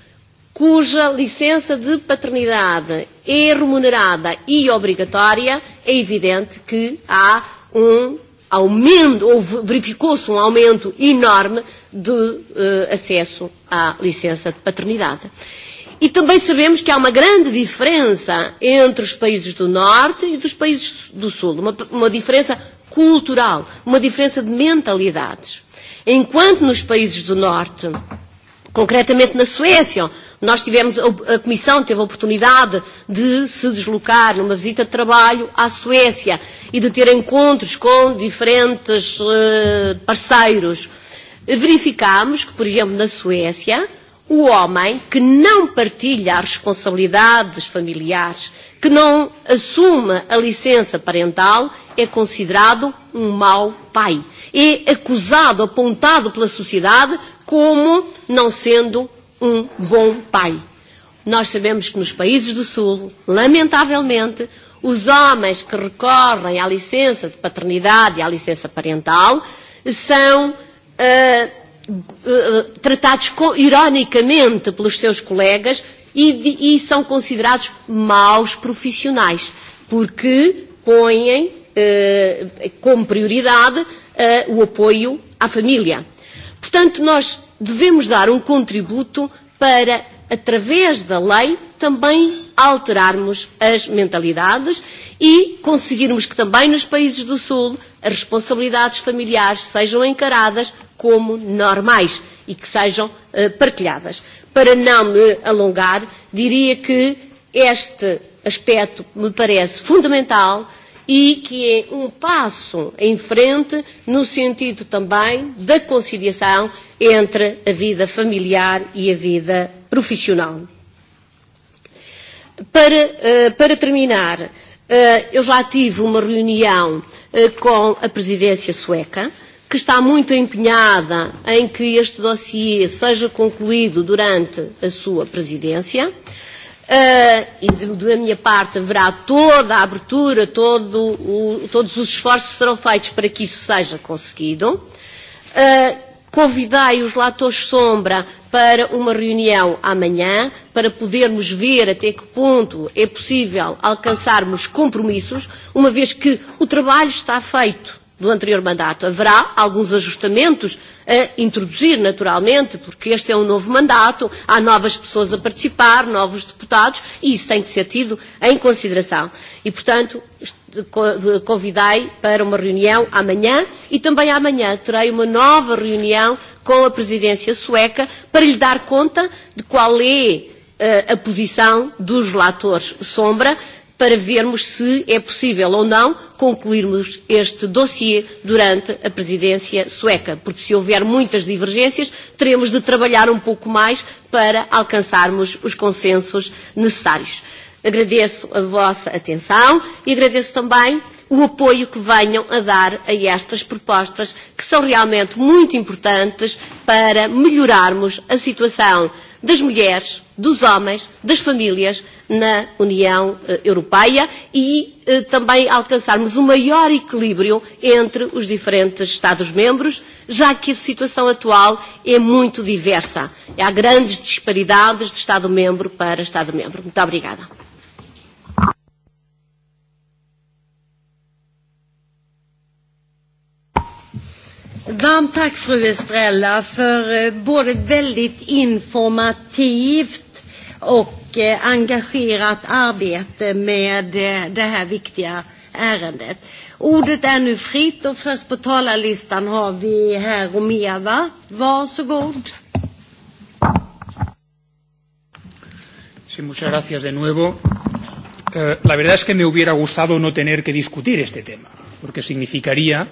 Speaker 7: cuja licença de paternidade é remunerada e obrigatória, é evidente que há um aumento, ou verificou-se um aumento enorme de uh, acesso à licença de paternidade. E também sabemos que há uma grande diferença entre os países do Norte e dos países do Sul, uma, uma diferença cultural, uma diferença de mentalidades. Enquanto nos países do Norte, concretamente na Suécia, Nós tivemos, a Comissão teve a oportunidade de se deslocar numa visita de trabalho à Suécia e de ter encontros com diferentes uh, parceiros. Verificámos que, por exemplo, na Suécia, o homem que não partilha as responsabilidades familiares, que não assume a licença parental, é considerado um mau pai. É acusado, apontado pela sociedade como não sendo um bom pai. Nós sabemos que nos países do Sul, lamentavelmente, os homens que recorrem à licença de paternidade e à licença parental são uh, uh, tratados com, ironicamente pelos seus colegas e, de, e são considerados maus profissionais, porque põem uh, eh, como prioridade uh, o apoio à família. Portanto, nós devemos dar um contributo para, através da lei, também alterarmos as mentalidades e conseguirmos que também nos países do Sul as responsabilidades familiares sejam encaradas como normais e que sejam uh, partilhadas. Para não me alongar, diria que este aspecto me parece fundamental e que é um passo em frente no sentido também da conciliação entre a vida familiar e a vida profissional. Para, eh, para terminar, eh, eu já tive uma reunião eh, com a presidência sueca, que está muito empenhada em que este dossiê seja concluído durante a sua presidência. Uh, e da minha parte haverá toda a abertura, todo o, todos os esforços serão feitos para que isso seja conseguido. Uh, ah, convidei os latores sombra para uma reunião amanhã, para podermos ver até que ponto é possível alcançarmos compromissos, uma vez que o trabalho está feito do anterior mandato. Haverá alguns ajustamentos a introduzir, naturalmente, porque este é um novo mandato, há novas pessoas a participar, novos deputados, e isso tem que ser tido em consideração. E, portanto, convidei para uma reunião amanhã e também amanhã terei uma nova reunião com a presidência sueca para lhe dar conta de qual é eh, a posição dos relatores sombra para vermos se é possível ou não concluirmos este dossiê durante a presidência sueca, porque se houver muitas divergências, teremos de trabalhar um pouco mais para alcançarmos os consensos necessários. Agradeço a vossa atenção e agradeço também o apoio que venham a dar a estas propostas, que são realmente muito importantes para melhorarmos a situação das mulheres, dos homens, das famílias na União eh, Europeia e eh, também alcançarmos o um maior equilíbrio entre os diferentes Estados-membros, já que a situação atual é muito diversa. Há grandes disparidades de Estado-membro para Estado-membro. Muito obrigada.
Speaker 1: Varmt tack fru Estrella för eh, både väldigt informativt och eh, engagerat arbete med eh, det här viktiga ärendet. Ordet är nu fritt och först på talarlistan har vi herr Romeva. Varsågod.
Speaker 3: Sí, muchas gracias de nuevo. Eh, la verdad es que me hubiera gustado no tener que discutir este tema, porque significaría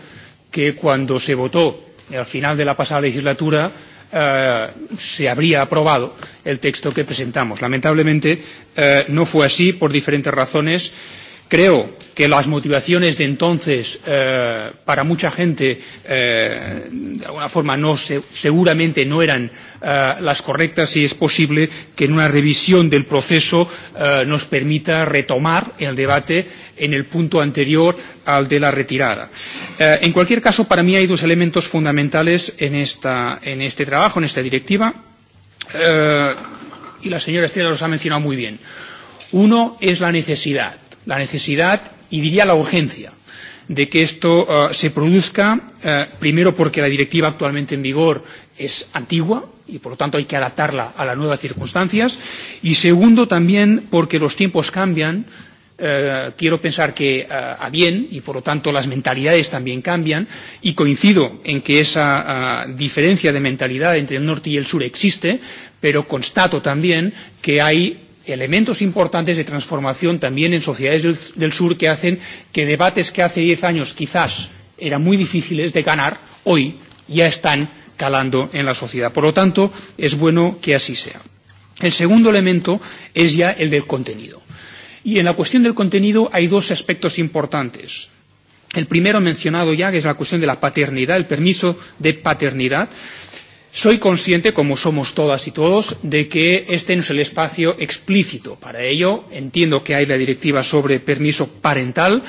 Speaker 3: que cuando se votó al final de la pasada legislatura Eh, se habría aprobado el texto que presentamos. Lamentablemente eh, no fue así por diferentes razones. Creo que las motivaciones de entonces eh, para mucha gente eh, de alguna forma no se, seguramente no eran eh, las correctas y es posible que en una revisión del proceso eh, nos permita retomar el debate en el punto anterior al de la retirada. Eh, en cualquier caso, para mí hay dos elementos fundamentales en, esta, en este trabajo, en esta directiva, eh, y la señora Estrella los ha mencionado muy bien. Uno es la necesidad la necesidad y diría la urgencia de que esto uh, se produzca, uh, primero porque la directiva actualmente en vigor es antigua y por lo tanto hay que adaptarla a las nuevas circunstancias y segundo también porque los tiempos cambian, eh, quiero pensar que eh, a bien y por lo tanto las mentalidades también cambian y coincido en que esa eh, diferencia de mentalidad entre el norte y el sur existe, pero constato también que hay elementos importantes de transformación también en sociedades del, del sur que hacen que debates que hace diez años quizás eran muy difíciles de ganar, hoy ya están calando en la sociedad. Por lo tanto, es bueno que así sea. El segundo elemento es ya el del contenido. Y en la cuestión del contenido hay dos aspectos importantes. El primero mencionado ya, que es la cuestión de la paternidad, el permiso de paternidad. Soy consciente, como somos todas y todos, de que este no es el espacio explícito para ello. Entiendo que hay la directiva sobre permiso parental,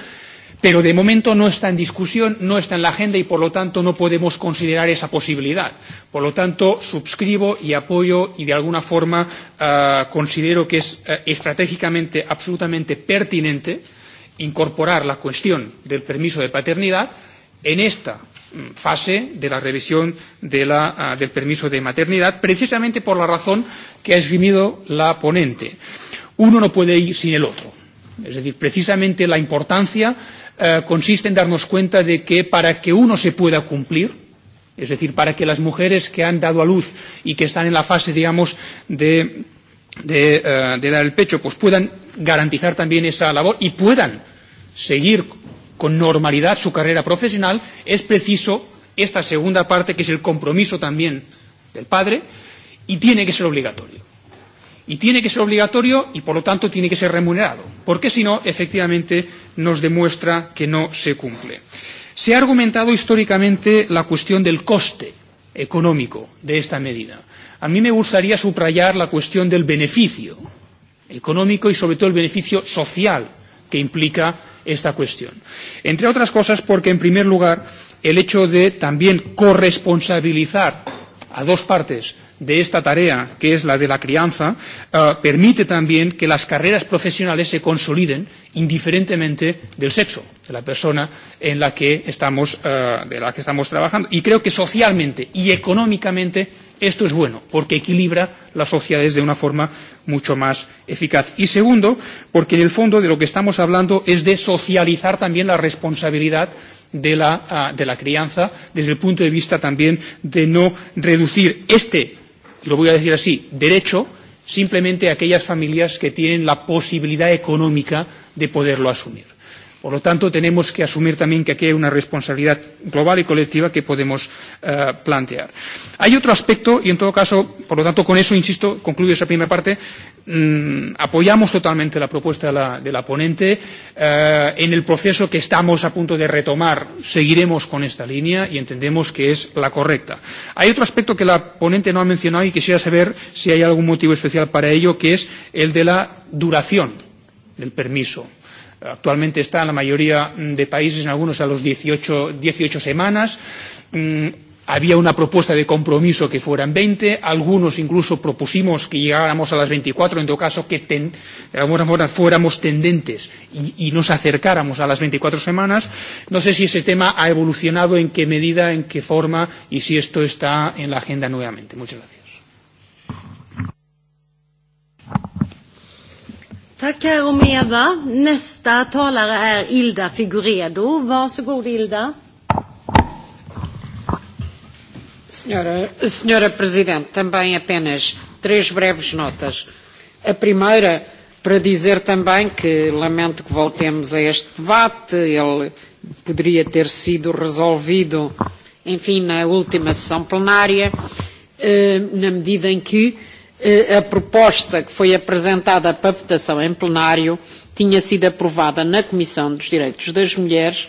Speaker 3: pero de momento no está en discusión, no está en la agenda y, por lo tanto, no podemos considerar esa posibilidad. Por lo tanto, suscribo y apoyo y, de alguna forma, uh, considero que es uh, estratégicamente absolutamente pertinente incorporar la cuestión del permiso de paternidad en esta Mm, fase de la revisión de la, uh, del permiso de maternidad, precisamente por la razón que ha esgrimido la ponente. Uno no puede ir sin el otro. Es decir, precisamente la importancia uh, consiste en darnos cuenta de que para que uno se pueda cumplir, es decir, para que las mujeres que han dado a luz y que están en la fase, digamos, de, de, uh, de dar el pecho, pues puedan garantizar también esa labor y puedan seguir con normalidad su carrera profesional, es preciso esta segunda parte, que es el compromiso también del padre, y tiene que ser obligatorio. Y tiene que ser obligatorio y, por lo tanto, tiene que ser remunerado, porque si no, efectivamente, nos demuestra que no se cumple. Se ha argumentado históricamente la cuestión del coste económico de esta medida. A mí me gustaría subrayar la cuestión del beneficio económico y, sobre todo, el beneficio social que implica esta cuestión. Entre otras cosas, porque, en primer lugar, el hecho de también corresponsabilizar a dos partes de esta tarea, que es la de la crianza, eh, permite también que las carreras profesionales se consoliden indiferentemente del sexo de la persona en la que estamos, eh, de la que estamos trabajando. Y creo que socialmente y económicamente esto es bueno, porque equilibra las sociedades de una forma mucho más eficaz. Y segundo, porque en el fondo de lo que estamos hablando es de socializar también la responsabilidad de la, uh, de la crianza, desde el punto de vista también de no reducir este, y lo voy a decir así, derecho simplemente a aquellas familias que tienen la posibilidad económica de poderlo asumir. Por lo tanto, tenemos que asumir también que aquí hay una responsabilidad global y colectiva que podemos eh, plantear. Hay otro aspecto, y en todo caso, por lo tanto, con eso, insisto, concluyo esa primera parte, mmm, apoyamos totalmente la propuesta de la, de la ponente. Eh, en el proceso que estamos a punto de retomar, seguiremos con esta línea y entendemos que es la correcta. Hay otro aspecto que la ponente no ha mencionado y quisiera saber si hay algún motivo especial para ello, que es el de la duración del permiso Actualmente está en la mayoría de países, en algunos a los 18, 18 semanas. Mm, Había una propuesta de compromiso que fueran 20, algunos incluso propusimos que llegáramos a las 24, en todo caso que ten, de alguna forma fuéramos tendentes y, y nos acercáramos a las 24 semanas. No sé si ese tema ha evolucionado, en qué medida, en qué forma y si esto está en la agenda nuevamente. Muchas gracias.
Speaker 1: Tack Caro Meva. Nästa talare är Ilda Figuredo. Varsågod Ilda.
Speaker 8: Senhora, senhora Presidente, também apenas três breves notas. A primeira, para dizer também que lamento que voltemos a este debate, ele poderia ter sido resolvido, enfim, na última sessão plenária, eh, na medida em que E, a proposta que foi apresentada para a votação em plenário tinha sido aprovada na Comissão dos Direitos das Mulheres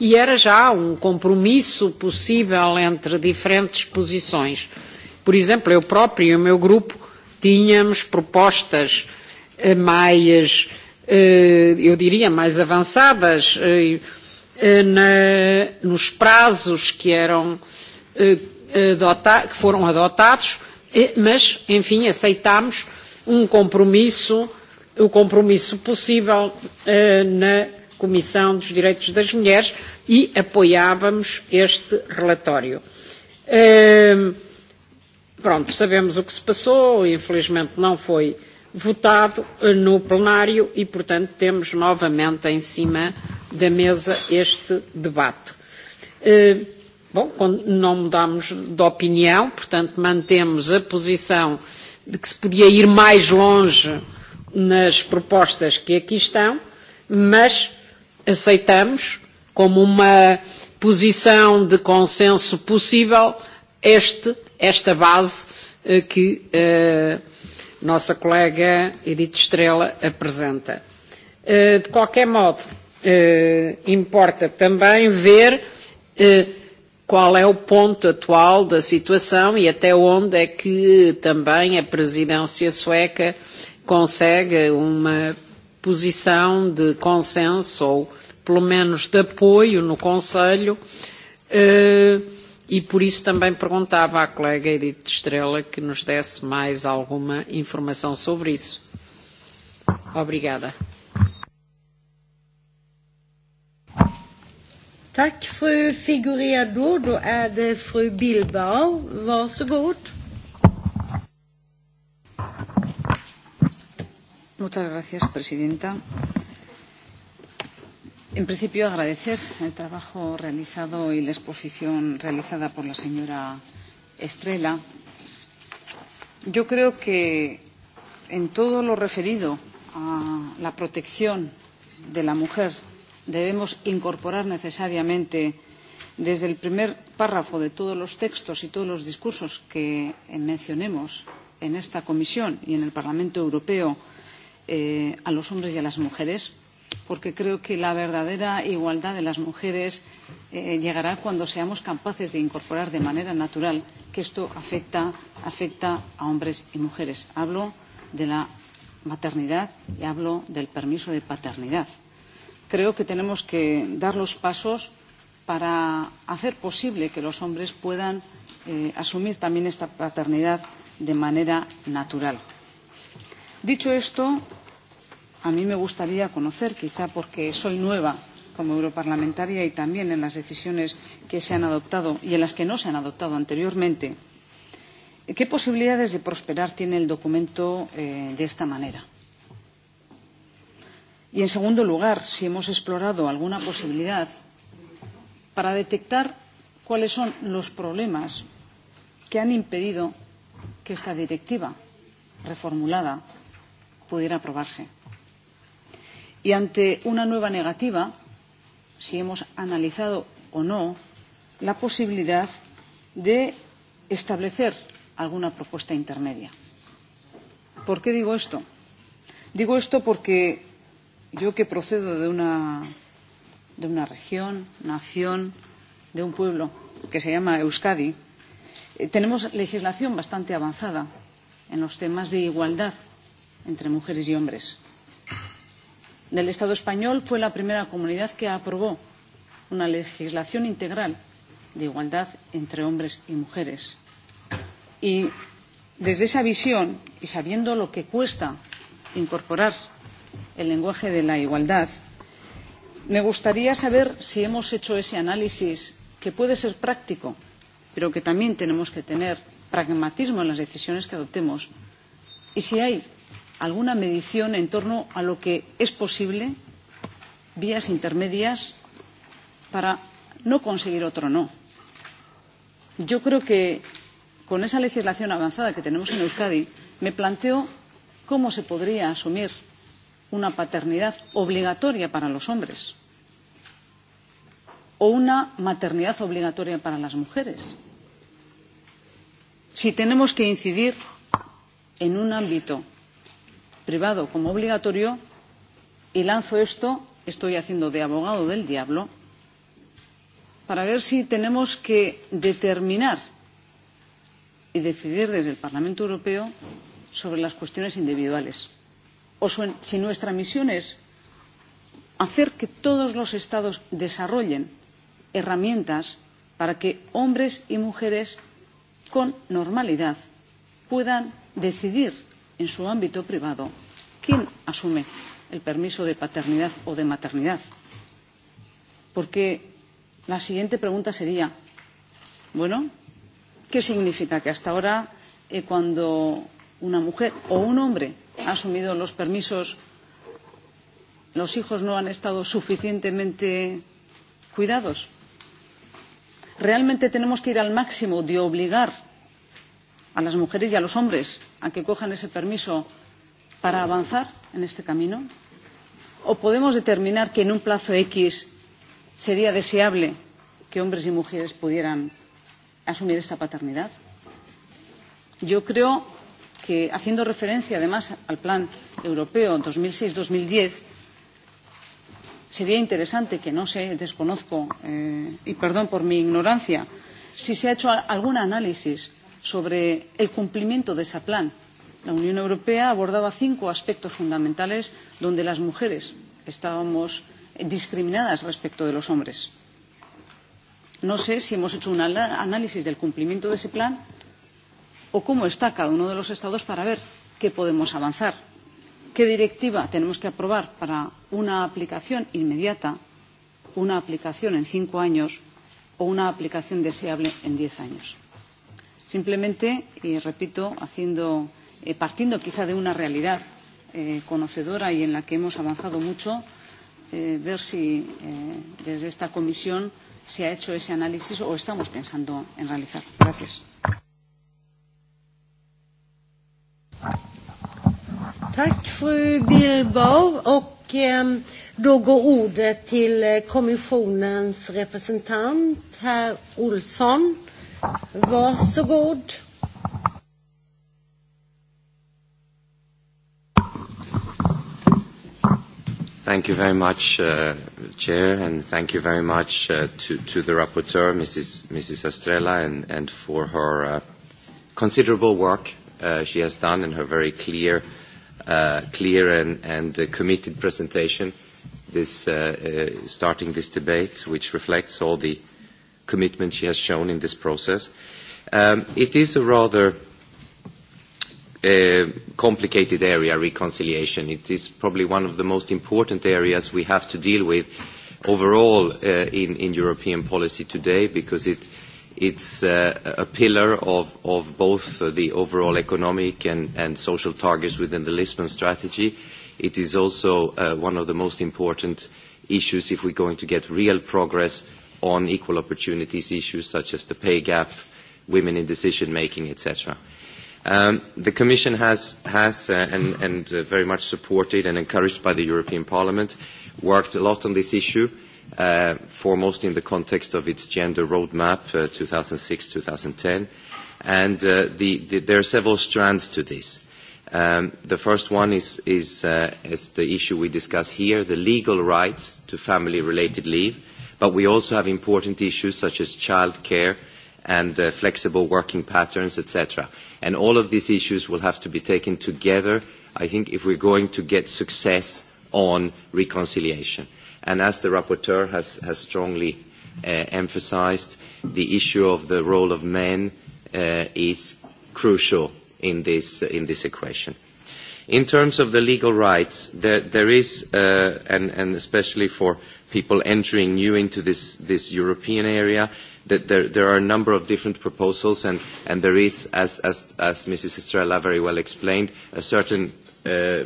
Speaker 8: e era já um compromisso possível entre diferentes posições. Por exemplo, eu próprio e o meu grupo tínhamos propostas eh, mais, eh, eu diria, mais avançadas eh, nos prazos que, eram, que foram adotados E, mas, enfim, aceitámos um compromisso, o compromisso possível eh, na Comissão dos Direitos das Mulheres e apoiávamos este relatório. Eh, pronto, sabemos o que se passou, infelizmente não foi votado eh, no plenário e, portanto, temos novamente em cima da mesa este debate. Eh, Bom, quando não mudamos de opinião, portanto mantemos a posição de que se podia ir mais longe nas propostas que aqui estão, mas aceitamos como uma posição de consenso possível este, esta base eh, que a eh, nossa colega Edith Estrela apresenta. Eh, de qualquer modo, importa também ver qual é o ponto atual da situação e até onde é que também a presidência sueca consegue uma posição de consenso ou pelo menos de apoio no Conselho eh, e por isso também perguntava à colega Edith Estrela que nos desse mais alguma informação sobre isso. Obrigada.
Speaker 1: Tack fru Figuredo. Då är det fru Bilbao. Varsågod.
Speaker 6: Muchas gracias, presidenta. En principio, agradecer el trabajo realizado y la exposición realizada por la señora Estrela. Yo creo que en todo lo referido a la protección de la mujer debemos incorporar necesariamente desde el primer párrafo de todos los textos y todos los discursos que mencionemos en esta comisión y en el Parlamento Europeo eh, a los hombres y a las mujeres, porque creo que la verdadera igualdad de las mujeres eh, llegará cuando seamos capaces de incorporar de manera natural que esto afecta, afecta a hombres y mujeres. Hablo de la maternidad y hablo del permiso de paternidad creo que tenemos que dar los pasos para hacer posible que los hombres puedan eh, asumir también esta paternidad de manera natural. Dicho esto, a mí me gustaría conocer, quizá porque soy nueva como europarlamentaria y también en las decisiones que se han adoptado y en las que no se han adoptado anteriormente, ¿qué posibilidades de prosperar tiene el documento eh, de esta manera? Y, en segundo lugar, si hemos explorado alguna posibilidad para detectar cuáles son los problemas que han impedido que esta directiva reformulada pudiera aprobarse. Y ante una nueva negativa, si hemos analizado o no la posibilidad de establecer alguna propuesta intermedia. ¿Por qué digo esto? Digo esto porque yo que procedo de una, de una región, nación, de un pueblo que se llama Euskadi, eh, tenemos legislación bastante avanzada en los temas de igualdad entre mujeres y hombres. Del Estado español fue la primera comunidad que aprobó una legislación integral de igualdad entre hombres y mujeres. Y desde esa visión y sabiendo lo que cuesta incorporar el lenguaje de la igualdad, me gustaría saber si hemos hecho ese análisis que puede ser práctico, pero que también tenemos que tener pragmatismo en las decisiones que adoptemos, y si hay alguna medición en torno a lo que es posible, vías intermedias, para no conseguir otro no. Yo creo que con esa legislación avanzada que tenemos en Euskadi, me planteo cómo se podría asumir una paternidad obligatoria para los hombres o una maternidad obligatoria para las mujeres. Si tenemos que incidir en un ámbito privado como obligatorio, y lanzo esto, estoy haciendo de abogado del diablo, para ver si tenemos que determinar y decidir desde el Parlamento Europeo sobre las cuestiones individuales o su, si nuestra misión es hacer que todos los Estados desarrollen herramientas para que hombres y mujeres con normalidad puedan decidir en su ámbito privado quién asume el permiso de paternidad o de maternidad. Porque la siguiente pregunta sería, bueno, ¿qué significa que hasta ahora eh, cuando una mujer o un hombre han asumido los permisos, los hijos no han estado suficientemente cuidados. Realmente tenemos que ir al máximo de obligar a las mujeres y a los hombres a que cojan ese permiso para avanzar en este camino? ¿O podemos determinar que en un plazo X sería deseable que hombres y mujeres pudieran asumir esta paternidad? Yo creo que, haciendo referencia además al Plan Europeo 2006-2010, sería interesante, que no sé, desconozco, eh, y perdón por mi ignorancia, si se ha hecho algún análisis sobre el cumplimiento de ese plan. La Unión Europea abordaba cinco aspectos fundamentales donde las mujeres estábamos discriminadas respecto de los hombres. No sé si hemos hecho un análisis del cumplimiento de ese plan o cómo está cada uno de los Estados para ver qué podemos avanzar. ¿Qué directiva tenemos que aprobar para una aplicación inmediata, una aplicación en cinco años o una aplicación deseable en diez años? Simplemente, y repito, haciendo, eh, partiendo quizá de una realidad eh, conocedora y en la que hemos avanzado mucho, eh, ver si eh, desde esta comisión se ha hecho ese análisis o estamos pensando en realizarlo. Gracias. Tack fru Bilbao
Speaker 1: och ehm, då går ordet till eh, kommissionens representant herr Olsson. Varsågod.
Speaker 9: Thank you very much, uh, Chair, and thank you very much uh, to, to the rapporteur, Mrs. Mrs. Estrella, and, and for her uh, considerable work Uh, she has done in her very clear, uh, clear and, and uh, committed presentation this, uh, uh, starting this debate, which reflects all the commitment she has shown in this process. Um, it is a rather uh, complicated area, reconciliation. It is probably one of the most important areas we have to deal with overall uh, in, in European policy today because it – It's uh, a pillar of, of both the overall economic and, and social targets within the Lisbon strategy. It is also uh, one of the most important issues if we're going to get real progress on equal opportunities issues such as the pay gap, women in decision making, etc. Um, the Commission has, has uh, and, and uh, very much supported and encouraged by the European Parliament, worked a lot on this issue. Uh, uh, foremost in the context of its gender roadmap uh, 2006-2010. And uh, the, the, there are several strands to this. Um, the first one is, is, uh, is the issue we discuss here, the legal rights to family-related leave. But we also have important issues such as childcare and uh, flexible working patterns, etc. And all of these issues will have to be taken together, I think, if we're going to get success on reconciliation. And as the rapporteur has, has strongly uh, emphasized, the issue of the role of men uh, is crucial in this, uh, in this equation. In terms of the legal rights, there, there is, uh, and, and especially for people entering new into this, this European area, that there, there are a number of different proposals, and, and there is, as, as, as Mrs. Estrella very well explained, a certain uh,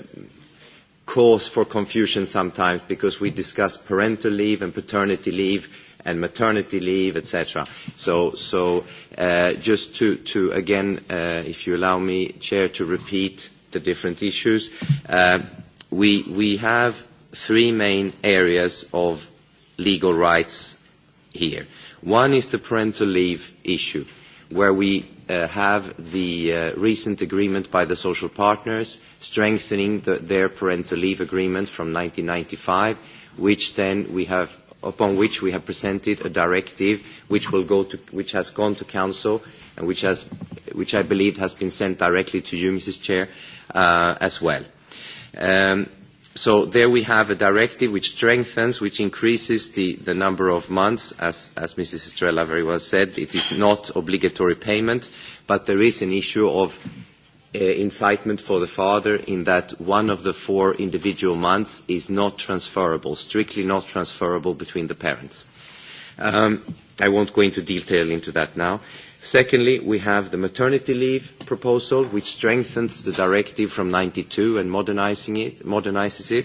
Speaker 9: cause for confusion sometimes because we discuss parental leave and paternity leave and maternity leave, etc. So, so uh, just to, to again, uh, if you allow me, Chair, to repeat the different issues, uh, we, we have three main areas of legal rights here. One is the parental leave issue, where we uh, have the uh, recent agreement by the social partners strengthening the, their parental leave agreement from 1995, which then we have, upon which we have presented a directive which, will go to, which has gone to Council and which, has, which I believe has been sent directly to you, Mrs. Chair, uh, as well. Um, So there we have a directive which strengthens, which increases the, the number of months. As, as Mrs. Estrella very well said, it is not obligatory payment, but there is an issue of uh, incitement for the father in that one of the four individual months is not transferable, strictly not transferable between the parents. Um, I won't go into detail into that now. Secondly, we have the maternity leave proposal, which strengthens the directive from 92 and modernizing it, modernizes it.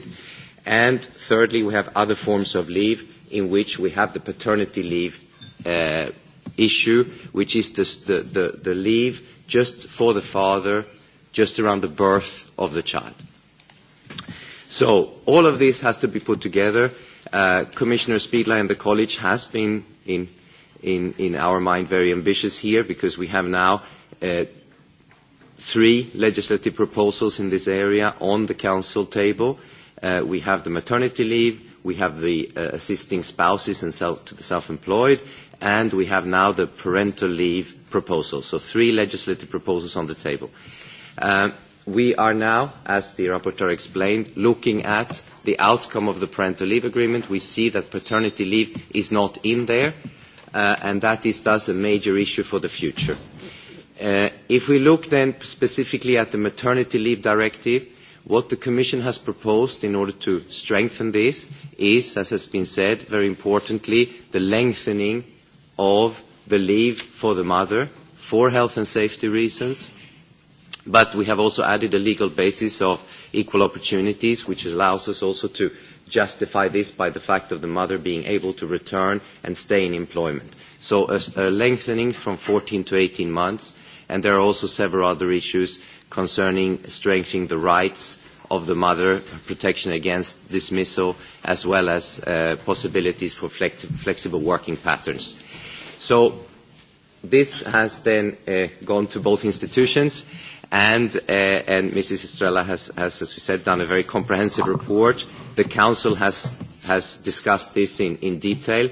Speaker 9: And thirdly, we have other forms of leave in which we have the paternity leave uh, issue, which is the, the, the leave just for the father, just around the birth of the child. So all of this has to be put together. Uh, Commissioner Spiegler and the college has been in in, in our mind, very ambitious here because we have now uh, three legislative proposals in this area on the Council table. Uh, we have the maternity leave, we have the uh, assisting spouses and self, to the self-employed, and we have now the parental leave proposal. So three legislative proposals on the table. Uh, we are now, as the rapporteur explained, looking at the outcome of the parental leave agreement. We see that paternity leave is not in there. Uh, uh, and that is thus a major issue for the future. Uh, if we look then specifically at the maternity leave directive, what the Commission has proposed in order to strengthen this is, as has been said, very importantly, the lengthening of the leave for the mother for health and safety reasons, but we have also added a legal basis of equal opportunities, which allows us also to justify this by the fact of the mother being able to return and stay in employment. So a, a lengthening from 14 to 18 months, and there are also several other issues concerning strengthening the rights of the mother, protection against dismissal, as well as uh, possibilities for flexi flexible working patterns. So this has then uh, gone to both institutions, and, uh, and Mrs. Estrella has, has, as we said, done a very comprehensive report The Council has, has discussed this in, in detail,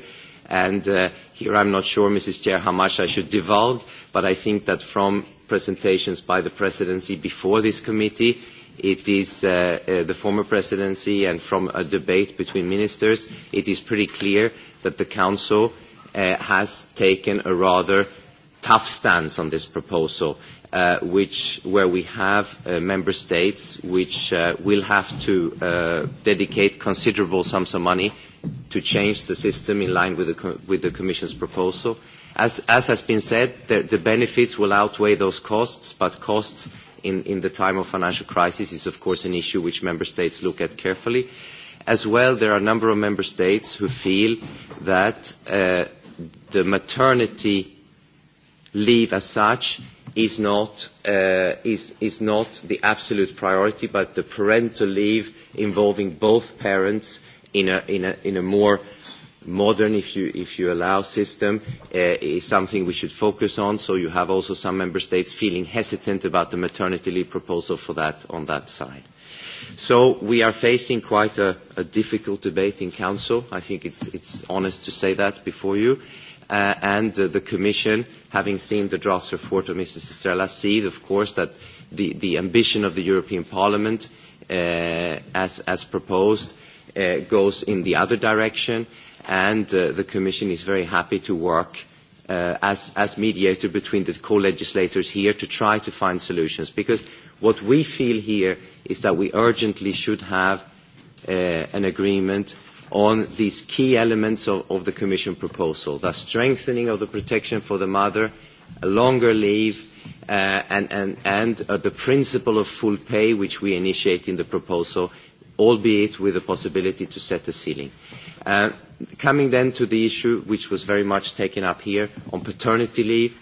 Speaker 9: and uh, here I'm not sure, Mrs. Chair, how much I should divulge, but I think that from presentations by the presidency before this committee, it is uh, uh, the former presidency and from a debate between ministers, it is pretty clear that the Council uh, has taken a rather tough stance on this proposal uh, which, where we have uh, member states which uh, will have to uh, dedicate considerable sums of money to change the system in line with the, with the Commission's proposal. As, as has been said, the, the benefits will outweigh those costs, but costs in, in the time of financial crisis is, of course, an issue which member states look at carefully. As well, there are a number of member states who feel that uh, the maternity leave as such is not, uh, is, is not the absolute priority, but the parental leave involving both parents in a, in a, in a more modern, if you, if you allow, system uh, is something we should focus on. So you have also some member states feeling hesitant about the maternity leave proposal for that on that side. So we are facing quite a, a difficult debate in Council. I think it's, it's honest to say that before you. Uh, and uh, the Commission having seen the draft report of Mrs. Estrella, see, of course, that the, the ambition of the European Parliament, uh, as, as proposed, uh, goes in the other direction, and uh, the Commission is very happy to work uh, as, as mediator between the co-legislators here to try to find solutions. Because what we feel here is that we urgently should have uh, an agreement on these key elements of, of the Commission proposal, the strengthening of the protection for the mother, a longer leave, uh, and, and, and uh, the principle of full pay, which we initiate in the proposal, albeit with the possibility to set a ceiling. Uh, coming then to the issue which was very much taken up here on paternity leave,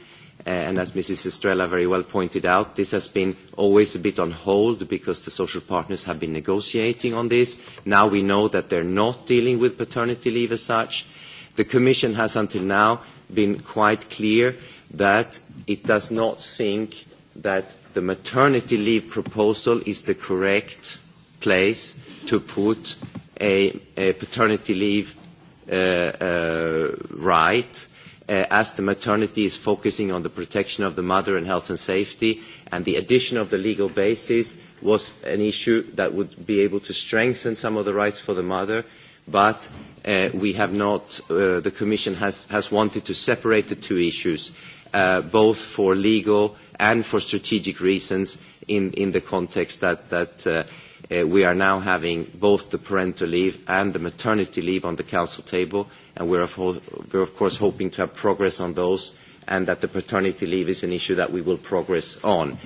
Speaker 9: Uh, and as Mrs. Estrella very well pointed out, this has been always a bit on hold because the social partners have been negotiating on this. Now we know that they're not dealing with paternity leave as such. The Commission has until now been quite clear that it does not think that the maternity leave proposal is the correct place to put a, a paternity leave uh, uh, right Uh, as the maternity is focusing on the protection of the mother and health and safety, and the addition of the legal basis was an issue that would be able to strengthen some of the rights for the mother, but uh, we have not, uh, the Commission has, has wanted to separate the two issues, uh, both for legal and for strategic reasons in, in the context that, that uh, uh, we are now having both the parental leave and the maternity leave on the Council table, and we're of, we're of course hoping to have progress on those and that the paternity leave is an issue that we will progress on.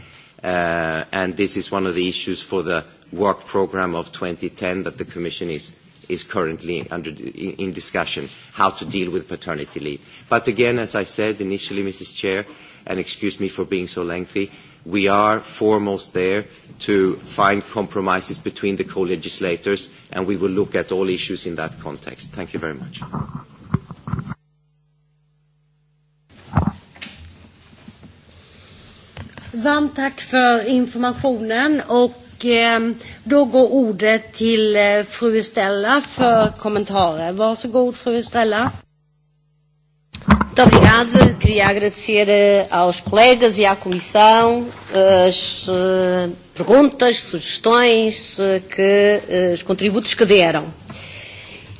Speaker 9: Uh, and this is one of the issues for the work program of 2010 that the Commission is, is currently under, in discussion, how to deal with paternity leave. But again, as I said initially, Mrs. Chair, and excuse me for being so lengthy, we are foremost there to find compromises between the co-legislators, and we will look at all issues in that context. Thank you very much.
Speaker 1: Varmt tack för informationen och ehm, då går ordet till eh, fru Estella för kommentarer. Varsågod fru
Speaker 7: Muito obrigada. Queria agradecer eh, aos colegas e à Comissão eh, as eh, perguntas, sugestões, que, os contributos que deram.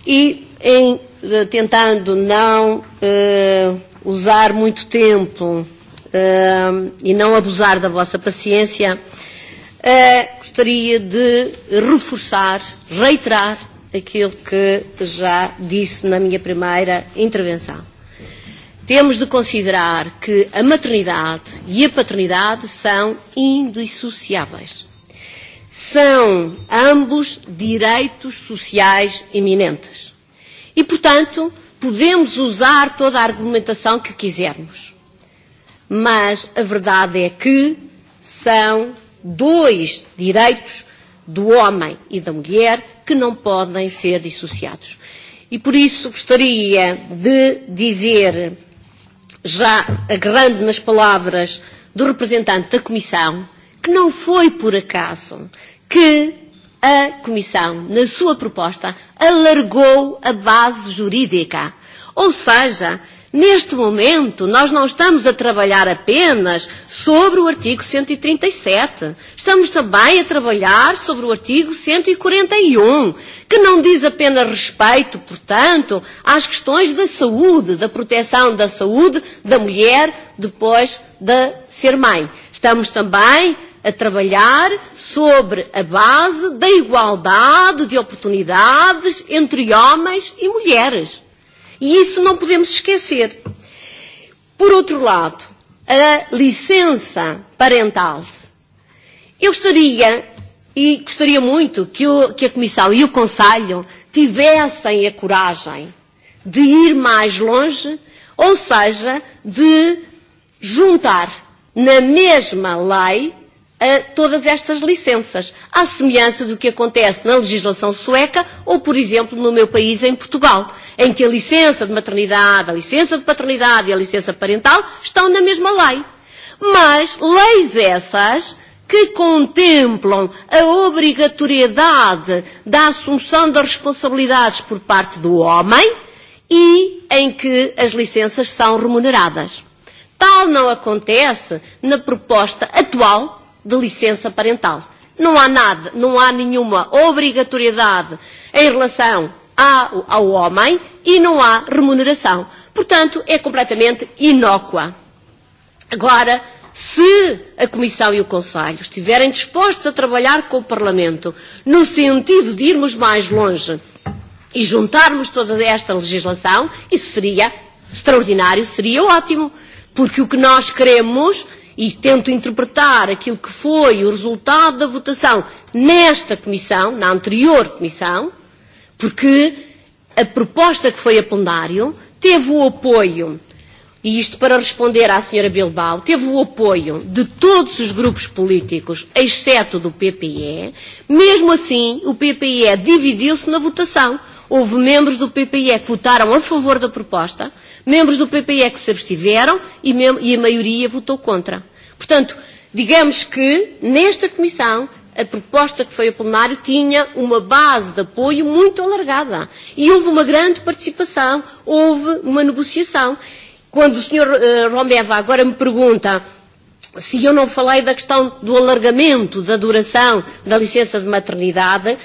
Speaker 7: E em, tentando não uh, usar muito tempo uh, e não abusar da vossa paciência, uh, gostaria de reforçar, reiterar aquilo que já disse na minha primeira intervenção. Temos de considerar que a maternidade e a paternidade são indissociáveis. São ambos direitos sociais eminentes. E, portanto, podemos usar toda a argumentação que quisermos. Mas a verdade é que são dois direitos do homem e da mulher que não podem ser dissociados. E por isso gostaria de dizer já agrando nas palavras do representante da Comissão, que não foi por acaso que a Comissão, na sua proposta, alargou a base jurídica. Ou seja, Neste momento, nós não estamos a trabalhar apenas sobre o artigo 137. E e estamos também a trabalhar sobre o artigo 141, e um, que não diz apenas respeito, portanto, às questões da saúde, da proteção da saúde da mulher depois de ser mãe. Estamos também a trabalhar sobre a base da igualdade de oportunidades entre homens e mulheres. E isso não podemos esquecer. Por outro lado, a licença parental. Eu gostaria, e gostaria muito, que, o, que a Comissão e o Conselho tivessem a coragem de ir mais longe, ou seja, de juntar na mesma lei a todas estas licenças, à semelhança do que acontece na legislação sueca ou, por exemplo, no meu país, em Portugal, em que a licença de maternidade, a licença de paternidade e a licença parental estão na mesma lei. Mas leis essas que contemplam a obrigatoriedade da assunção das responsabilidades por parte do homem e em que as licenças são remuneradas. Tal não acontece na proposta atual de licença parental. Não há nada, não há nenhuma obrigatoriedade em relação ao, ao homem e não há remuneração. Portanto, é completamente inócua. Agora, se a Comissão e o Conselho estiverem dispostos a trabalhar com o Parlamento no sentido de irmos mais longe e juntarmos toda esta legislação, isso seria extraordinário, seria ótimo. Porque o que nós queremos e tento interpretar aquilo que foi o resultado da votação nesta comissão, na anterior comissão, porque a proposta que foi a plenário teve o apoio, e isto para responder à senhora Bilbao, teve o apoio de todos os grupos políticos, exceto do PPE. Mesmo assim, o PPE dividiu-se na votação. Houve membros do PPE que votaram a favor da proposta, Membros do PPE que se abstiveram e, e a maioria votou contra. Portanto, digamos que nesta Comissão a proposta que foi a plenário tinha uma base de apoio muito alargada. E houve uma grande participação, houve uma negociação. Quando o Sr. Eh, Romeva agora me pergunta se eu não falei da questão do alargamento da duração da licença de maternidade,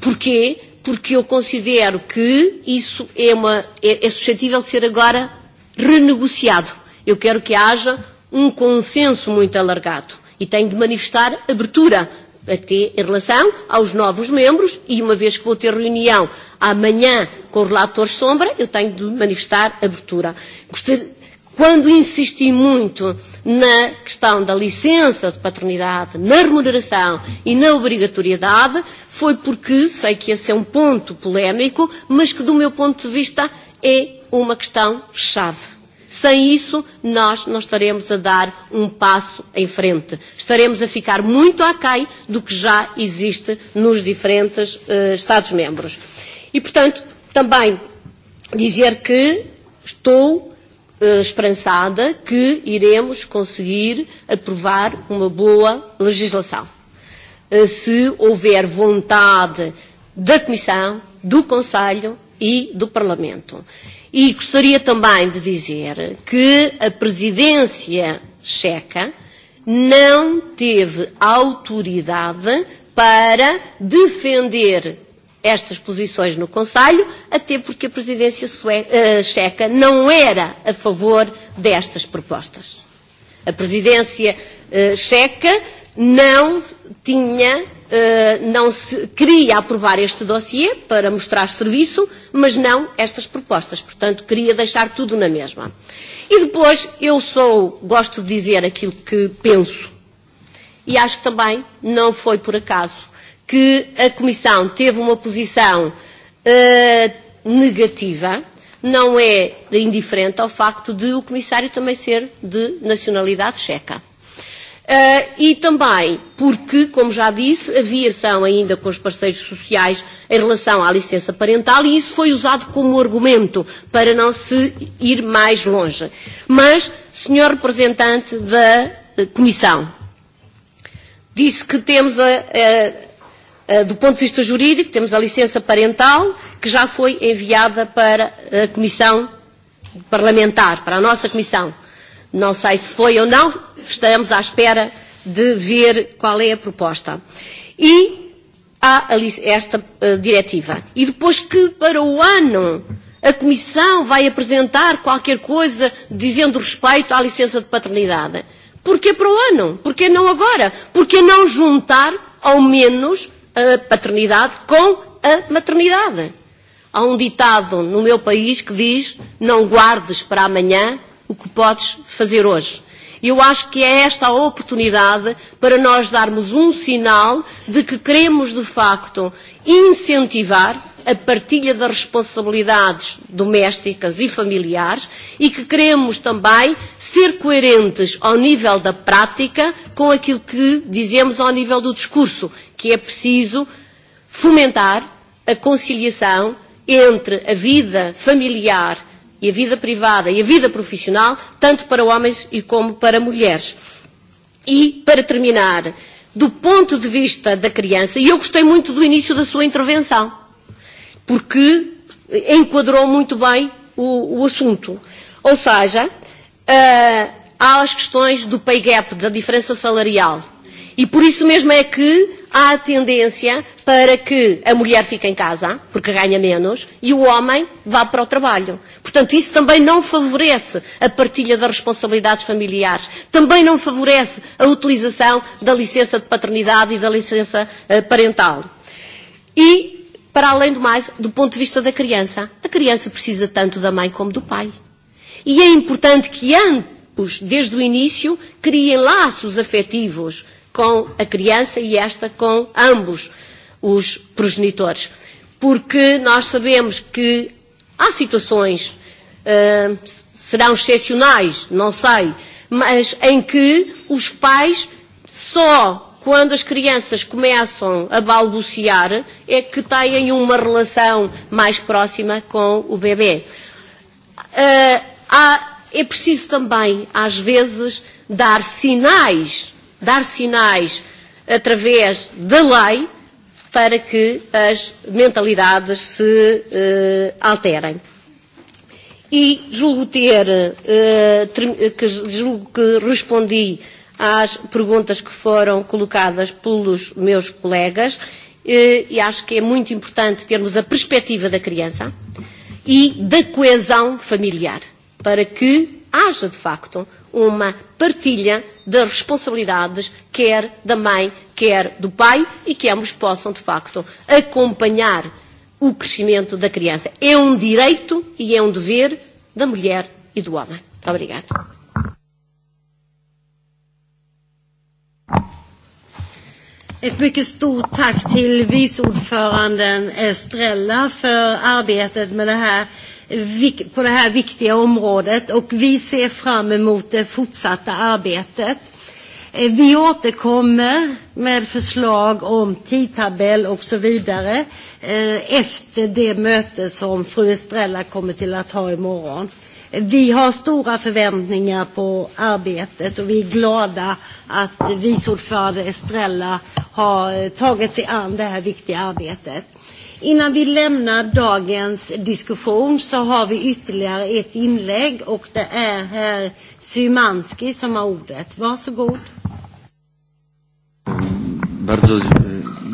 Speaker 7: porquê? porque eu considero que isso é, uma, é, é suscetível de ser agora renegociado. Eu quero que haja um consenso muito alargado e tenho de manifestar abertura até em relação aos novos membros e uma vez que vou ter reunião amanhã com o relator sombra, eu tenho de manifestar abertura. Gostaria, quando insisti muito na questão da licença de paternidade, na remuneração e na obrigatoriedade, foi porque sei que esse é um ponto polémico, mas que do meu ponto de vista é uma questão chave. Sem isso, nós não estaremos a dar um passo em frente. Estaremos a ficar muito aquém do que já existe nos diferentes uh, Estados-membros. E, portanto, também dizer que estou Eh, esperançada que iremos conseguir aprovar uma boa legislação. Eh, se houver vontade da Comissão, do Conselho e do Parlamento. E gostaria também de dizer que a presidência checa não teve autoridade para defender estas posições no Conselho, até porque a presidência sueca, uh, eh, checa não era a favor destas propostas. A presidência uh, checa não tinha, uh, não se, queria aprovar este dossiê para mostrar serviço, mas não estas propostas. Portanto, queria deixar tudo na mesma. E depois, eu sou, gosto de dizer aquilo que penso. E acho que também não foi por acaso que a Comissão teve uma posição uh, negativa, não é indiferente ao facto de o Comissário também ser de nacionalidade checa. Uh, e também porque, como já disse, havia ação ainda com os parceiros sociais em relação à licença parental e isso foi usado como argumento para não se ir mais longe. Mas, senhor representante da eh, Comissão, disse que temos a, Eh, do ponto de vista jurídico, temos a licença parental, que já foi enviada para a Comissão Parlamentar, para a nossa Comissão. Não sei se foi ou não, estamos à espera de ver qual é a proposta. E há esta eh, diretiva. E depois que para o ano a Comissão vai apresentar qualquer coisa dizendo respeito à licença de paternidade. Porquê para o ano? Porquê não agora? Porquê não juntar, ao menos, a paternidade com a maternidade. Há um ditado no meu país que diz: não guardes para amanhã o que podes fazer hoje. E eu acho que é esta a oportunidade para nós darmos um sinal de que queremos, de facto, incentivar a partilha das responsabilidades domésticas e familiares e que queremos também ser coerentes ao nível da prática com aquilo que dizemos ao nível do discurso que é preciso fomentar a conciliação entre a vida familiar e a vida privada e a vida profissional, tanto para homens e como para mulheres. E, para terminar, do ponto de vista da criança, e eu gostei muito do início da sua intervenção, porque enquadrou muito bem o, o assunto. Ou seja, uh, há as questões do pay gap, da diferença salarial. E por isso mesmo é que há a tendência para que a mulher fique em casa, porque ganha menos, e o homem vá para o trabalho. Portanto, isso também não favorece a partilha das responsabilidades familiares, também não favorece a utilização da licença de paternidade e da licença eh, parental. E, para além do mais, do ponto de vista da criança, a criança precisa tanto da mãe como do pai. E é importante que ambos, desde o início, criem laços afetivos com a criança e esta com ambos os progenitores. Porque nós sabemos que há situações, uh, serão excepcionais, não sei, mas em que os pais só quando as crianças começam a balbuciar é que têm uma relação mais próxima com o bebê. Uh, há, é preciso também, às vezes, dar sinais dar sinais através da lei para que as mentalidades se uh, alterem. E julgo ter, uh, que julgo que respondi às perguntas que foram colocadas pelos meus colegas uh, e acho que é muito importante termos a perspectiva da criança e da coesão familiar, para que haja, de facto, uma partilha de responsabilidades, quer da mãe, quer do pai, e que ambos possam, de facto, acompanhar o crescimento da criança. É um direito e é um dever da mulher e do homem. Muito Obrigada.
Speaker 1: Ett mycket stort tack till vice ordföranden Estrella för arbetet med det här på det här viktiga området och vi ser fram emot det fortsatta arbetet. Eh, vi återkommer med förslag om tidtabell och så vidare eh, efter det möte som fru Estrella kommer till att ha imorgon. Eh, vi har stora förväntningar på arbetet och vi är glada att vice ordförande Estrella har tagit sig an det här viktiga arbetet. Innan vi lämnar dagens diskussion så har vi ytterligare ett inlägg och det är herr Symanski som har ordet. Varsågod.
Speaker 5: Bardzo, e,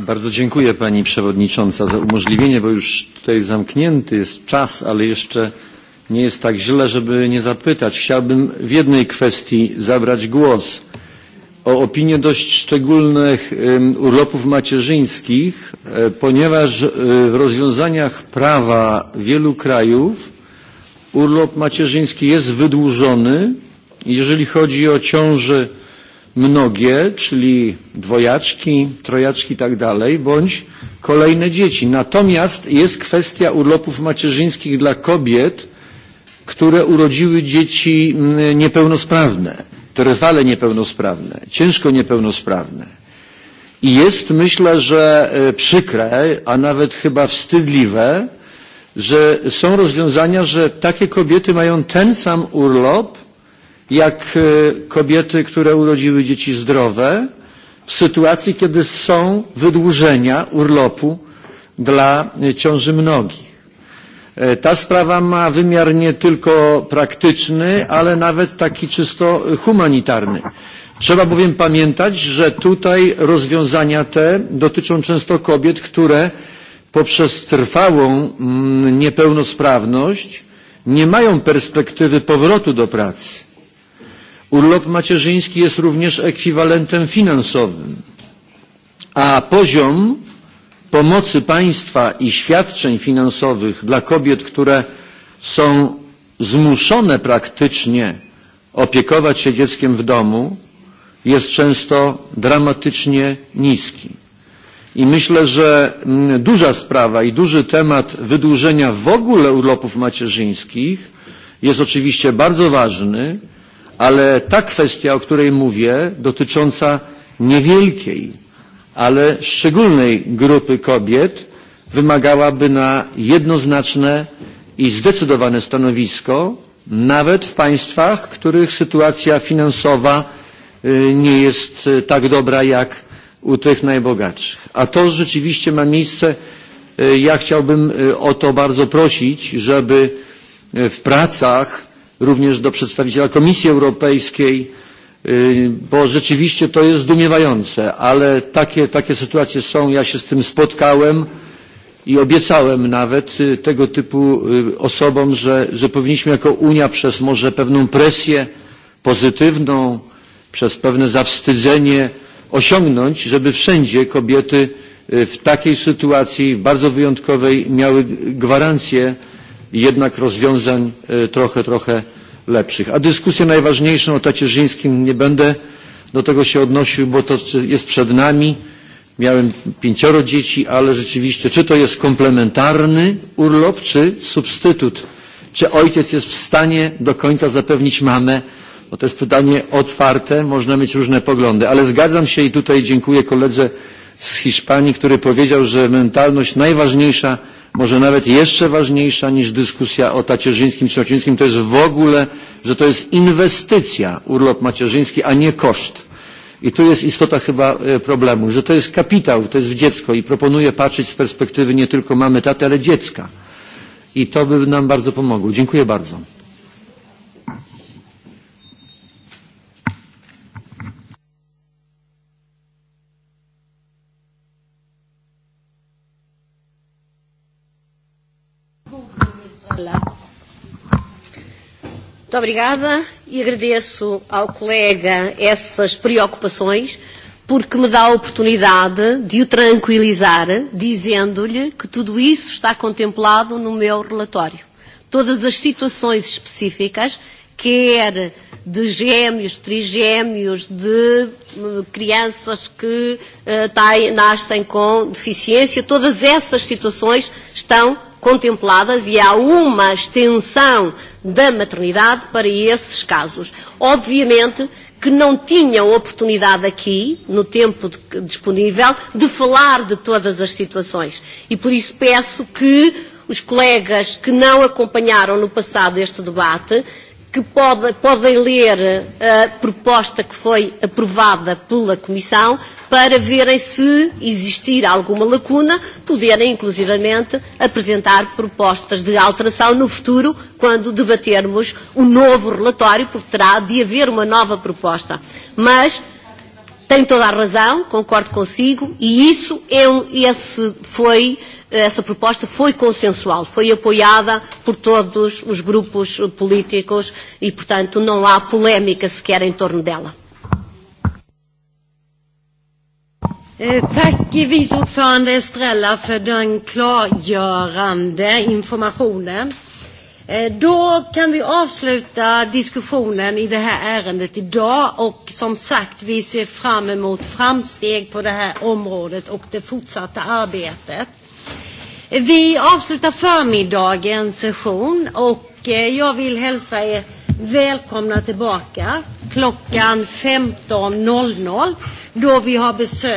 Speaker 5: bardzo dziękuję Pani Przewodnicząca za umożliwienie, bo już tutaj zamknięty jest czas, ale jeszcze nie jest tak źle, żeby nie zapytać. Chciałbym w jednej kwestii zabrać głos o opinię dość szczególnych urlopów macierzyńskich, e, ponieważ e, w rozwiązaniach prawa wielu krajów urlop macierzyński jest wydłużony, jeżeli chodzi o ciąże mnogie, czyli dwojaczki, trojaczki i tak dalej, bądź kolejne dzieci. Natomiast jest kwestia urlopów macierzyńskich dla kobiet, które urodziły dzieci niepełnosprawne trwale niepełnosprawne, ciężko niepełnosprawne. I jest, myślę, że e, przykre, a nawet chyba wstydliwe, że są rozwiązania, że takie kobiety mają ten sam urlop, jak e, kobiety, które urodziły dzieci zdrowe, w sytuacji, kiedy są wydłużenia urlopu dla e, ciąży mnogich. E, ta sprawa ma wymiar nie tylko praktyczny, ale nawet taki czysto humanitarny. Trzeba bowiem pamiętać, że tutaj rozwiązania te dotyczą często kobiet, które poprzez trwałą mm, niepełnosprawność nie mają perspektywy powrotu do pracy. Urlop macierzyński jest również ekwiwalentem finansowym, a poziom pomocy państwa i świadczeń finansowych dla kobiet, które są zmuszone praktycznie opiekować się dzieckiem w domu, jest często dramatycznie niski. I myślę, że mm, duża sprawa i duży temat wydłużenia w ogóle urlopów macierzyńskich jest oczywiście bardzo ważny, ale ta kwestia, o której mówię, dotycząca niewielkiej ale szczególnej grupy kobiet wymagałaby na jednoznaczne i zdecydowane stanowisko, nawet w państwach, których sytuacja finansowa nie jest tak dobra jak u tych najbogatszych. A to rzeczywiście ma miejsce. Ja chciałbym o to bardzo prosić, żeby w pracach również do przedstawiciela Komisji Europejskiej bo rzeczywiście to jest zdumiewające, ale takie, takie sytuacje są. Ja się z tym spotkałem i obiecałem nawet tego typu osobom, że, że powinniśmy jako Unia przez może pewną presję pozytywną, przez pewne zawstydzenie osiągnąć, żeby wszędzie kobiety w takiej sytuacji bardzo wyjątkowej miały gwarancję jednak rozwiązań trochę, trochę lepszych. A dyskusję najważniejszą o tacierzyńskim nie będę do tego się odnosił, bo to jest przed nami. Miałem pięcioro dzieci, ale rzeczywiście, czy to jest komplementarny urlop, czy substytut? Czy ojciec jest w stanie do końca zapewnić mamę? Bo to jest pytanie otwarte, można mieć różne poglądy, ale zgadzam się i tutaj dziękuję koledze z Hiszpanii, który powiedział, że mentalność najważniejsza, może nawet jeszcze ważniejsza niż dyskusja o tacierzyńskim czy ocińskim, to jest w ogóle, że to jest inwestycja urlop macierzyński, a nie koszt. I tu jest istota chyba e, problemu, że to jest kapitał, to jest w dziecko i proponuję patrzeć z perspektywy nie tylko mamy taty, ale dziecka. I to by nam bardzo pomogło. Dziękuję bardzo.
Speaker 7: Muito obrigada e agradeço ao colega essas preocupações porque me dá a oportunidade de o tranquilizar, dizendo-lhe que tudo isso está contemplado no meu relatório. Todas as situações específicas, quer de gêmeos, trigêmeos, de crianças que uh, têm, nascem com deficiência, todas essas situações estão contempladas e há uma extensão da maternidade para esses casos. Obviamente que não tinham oportunidade aqui, no tempo de, disponível, de falar de todas as situações. E por isso peço que os colegas que não acompanharam no passado este debate que pode, podem ler a proposta que foi aprovada pela Comissão para verem se existir alguma lacuna, poderem inclusivamente apresentar propostas de alteração no futuro, quando debatermos o um novo relatório, porque terá de haver uma nova proposta. Mas tem toda a razão, concordo consigo, e isso é um, esse foi, essa proposta foi consensual, foi apoiada por todos os grupos políticos e, portanto, não há polémica sequer em torno dela.
Speaker 1: Eh, tack vice ordförande Estrella för den klargörande informationen. Eh, då kan vi avsluta diskussionen i det här ärendet idag och som sagt vi ser fram emot framsteg på det här området och det fortsatta arbetet. Eh, vi avslutar förmiddagens session och eh, jag vill hälsa er
Speaker 6: välkomna tillbaka klockan 15.00 då vi har besök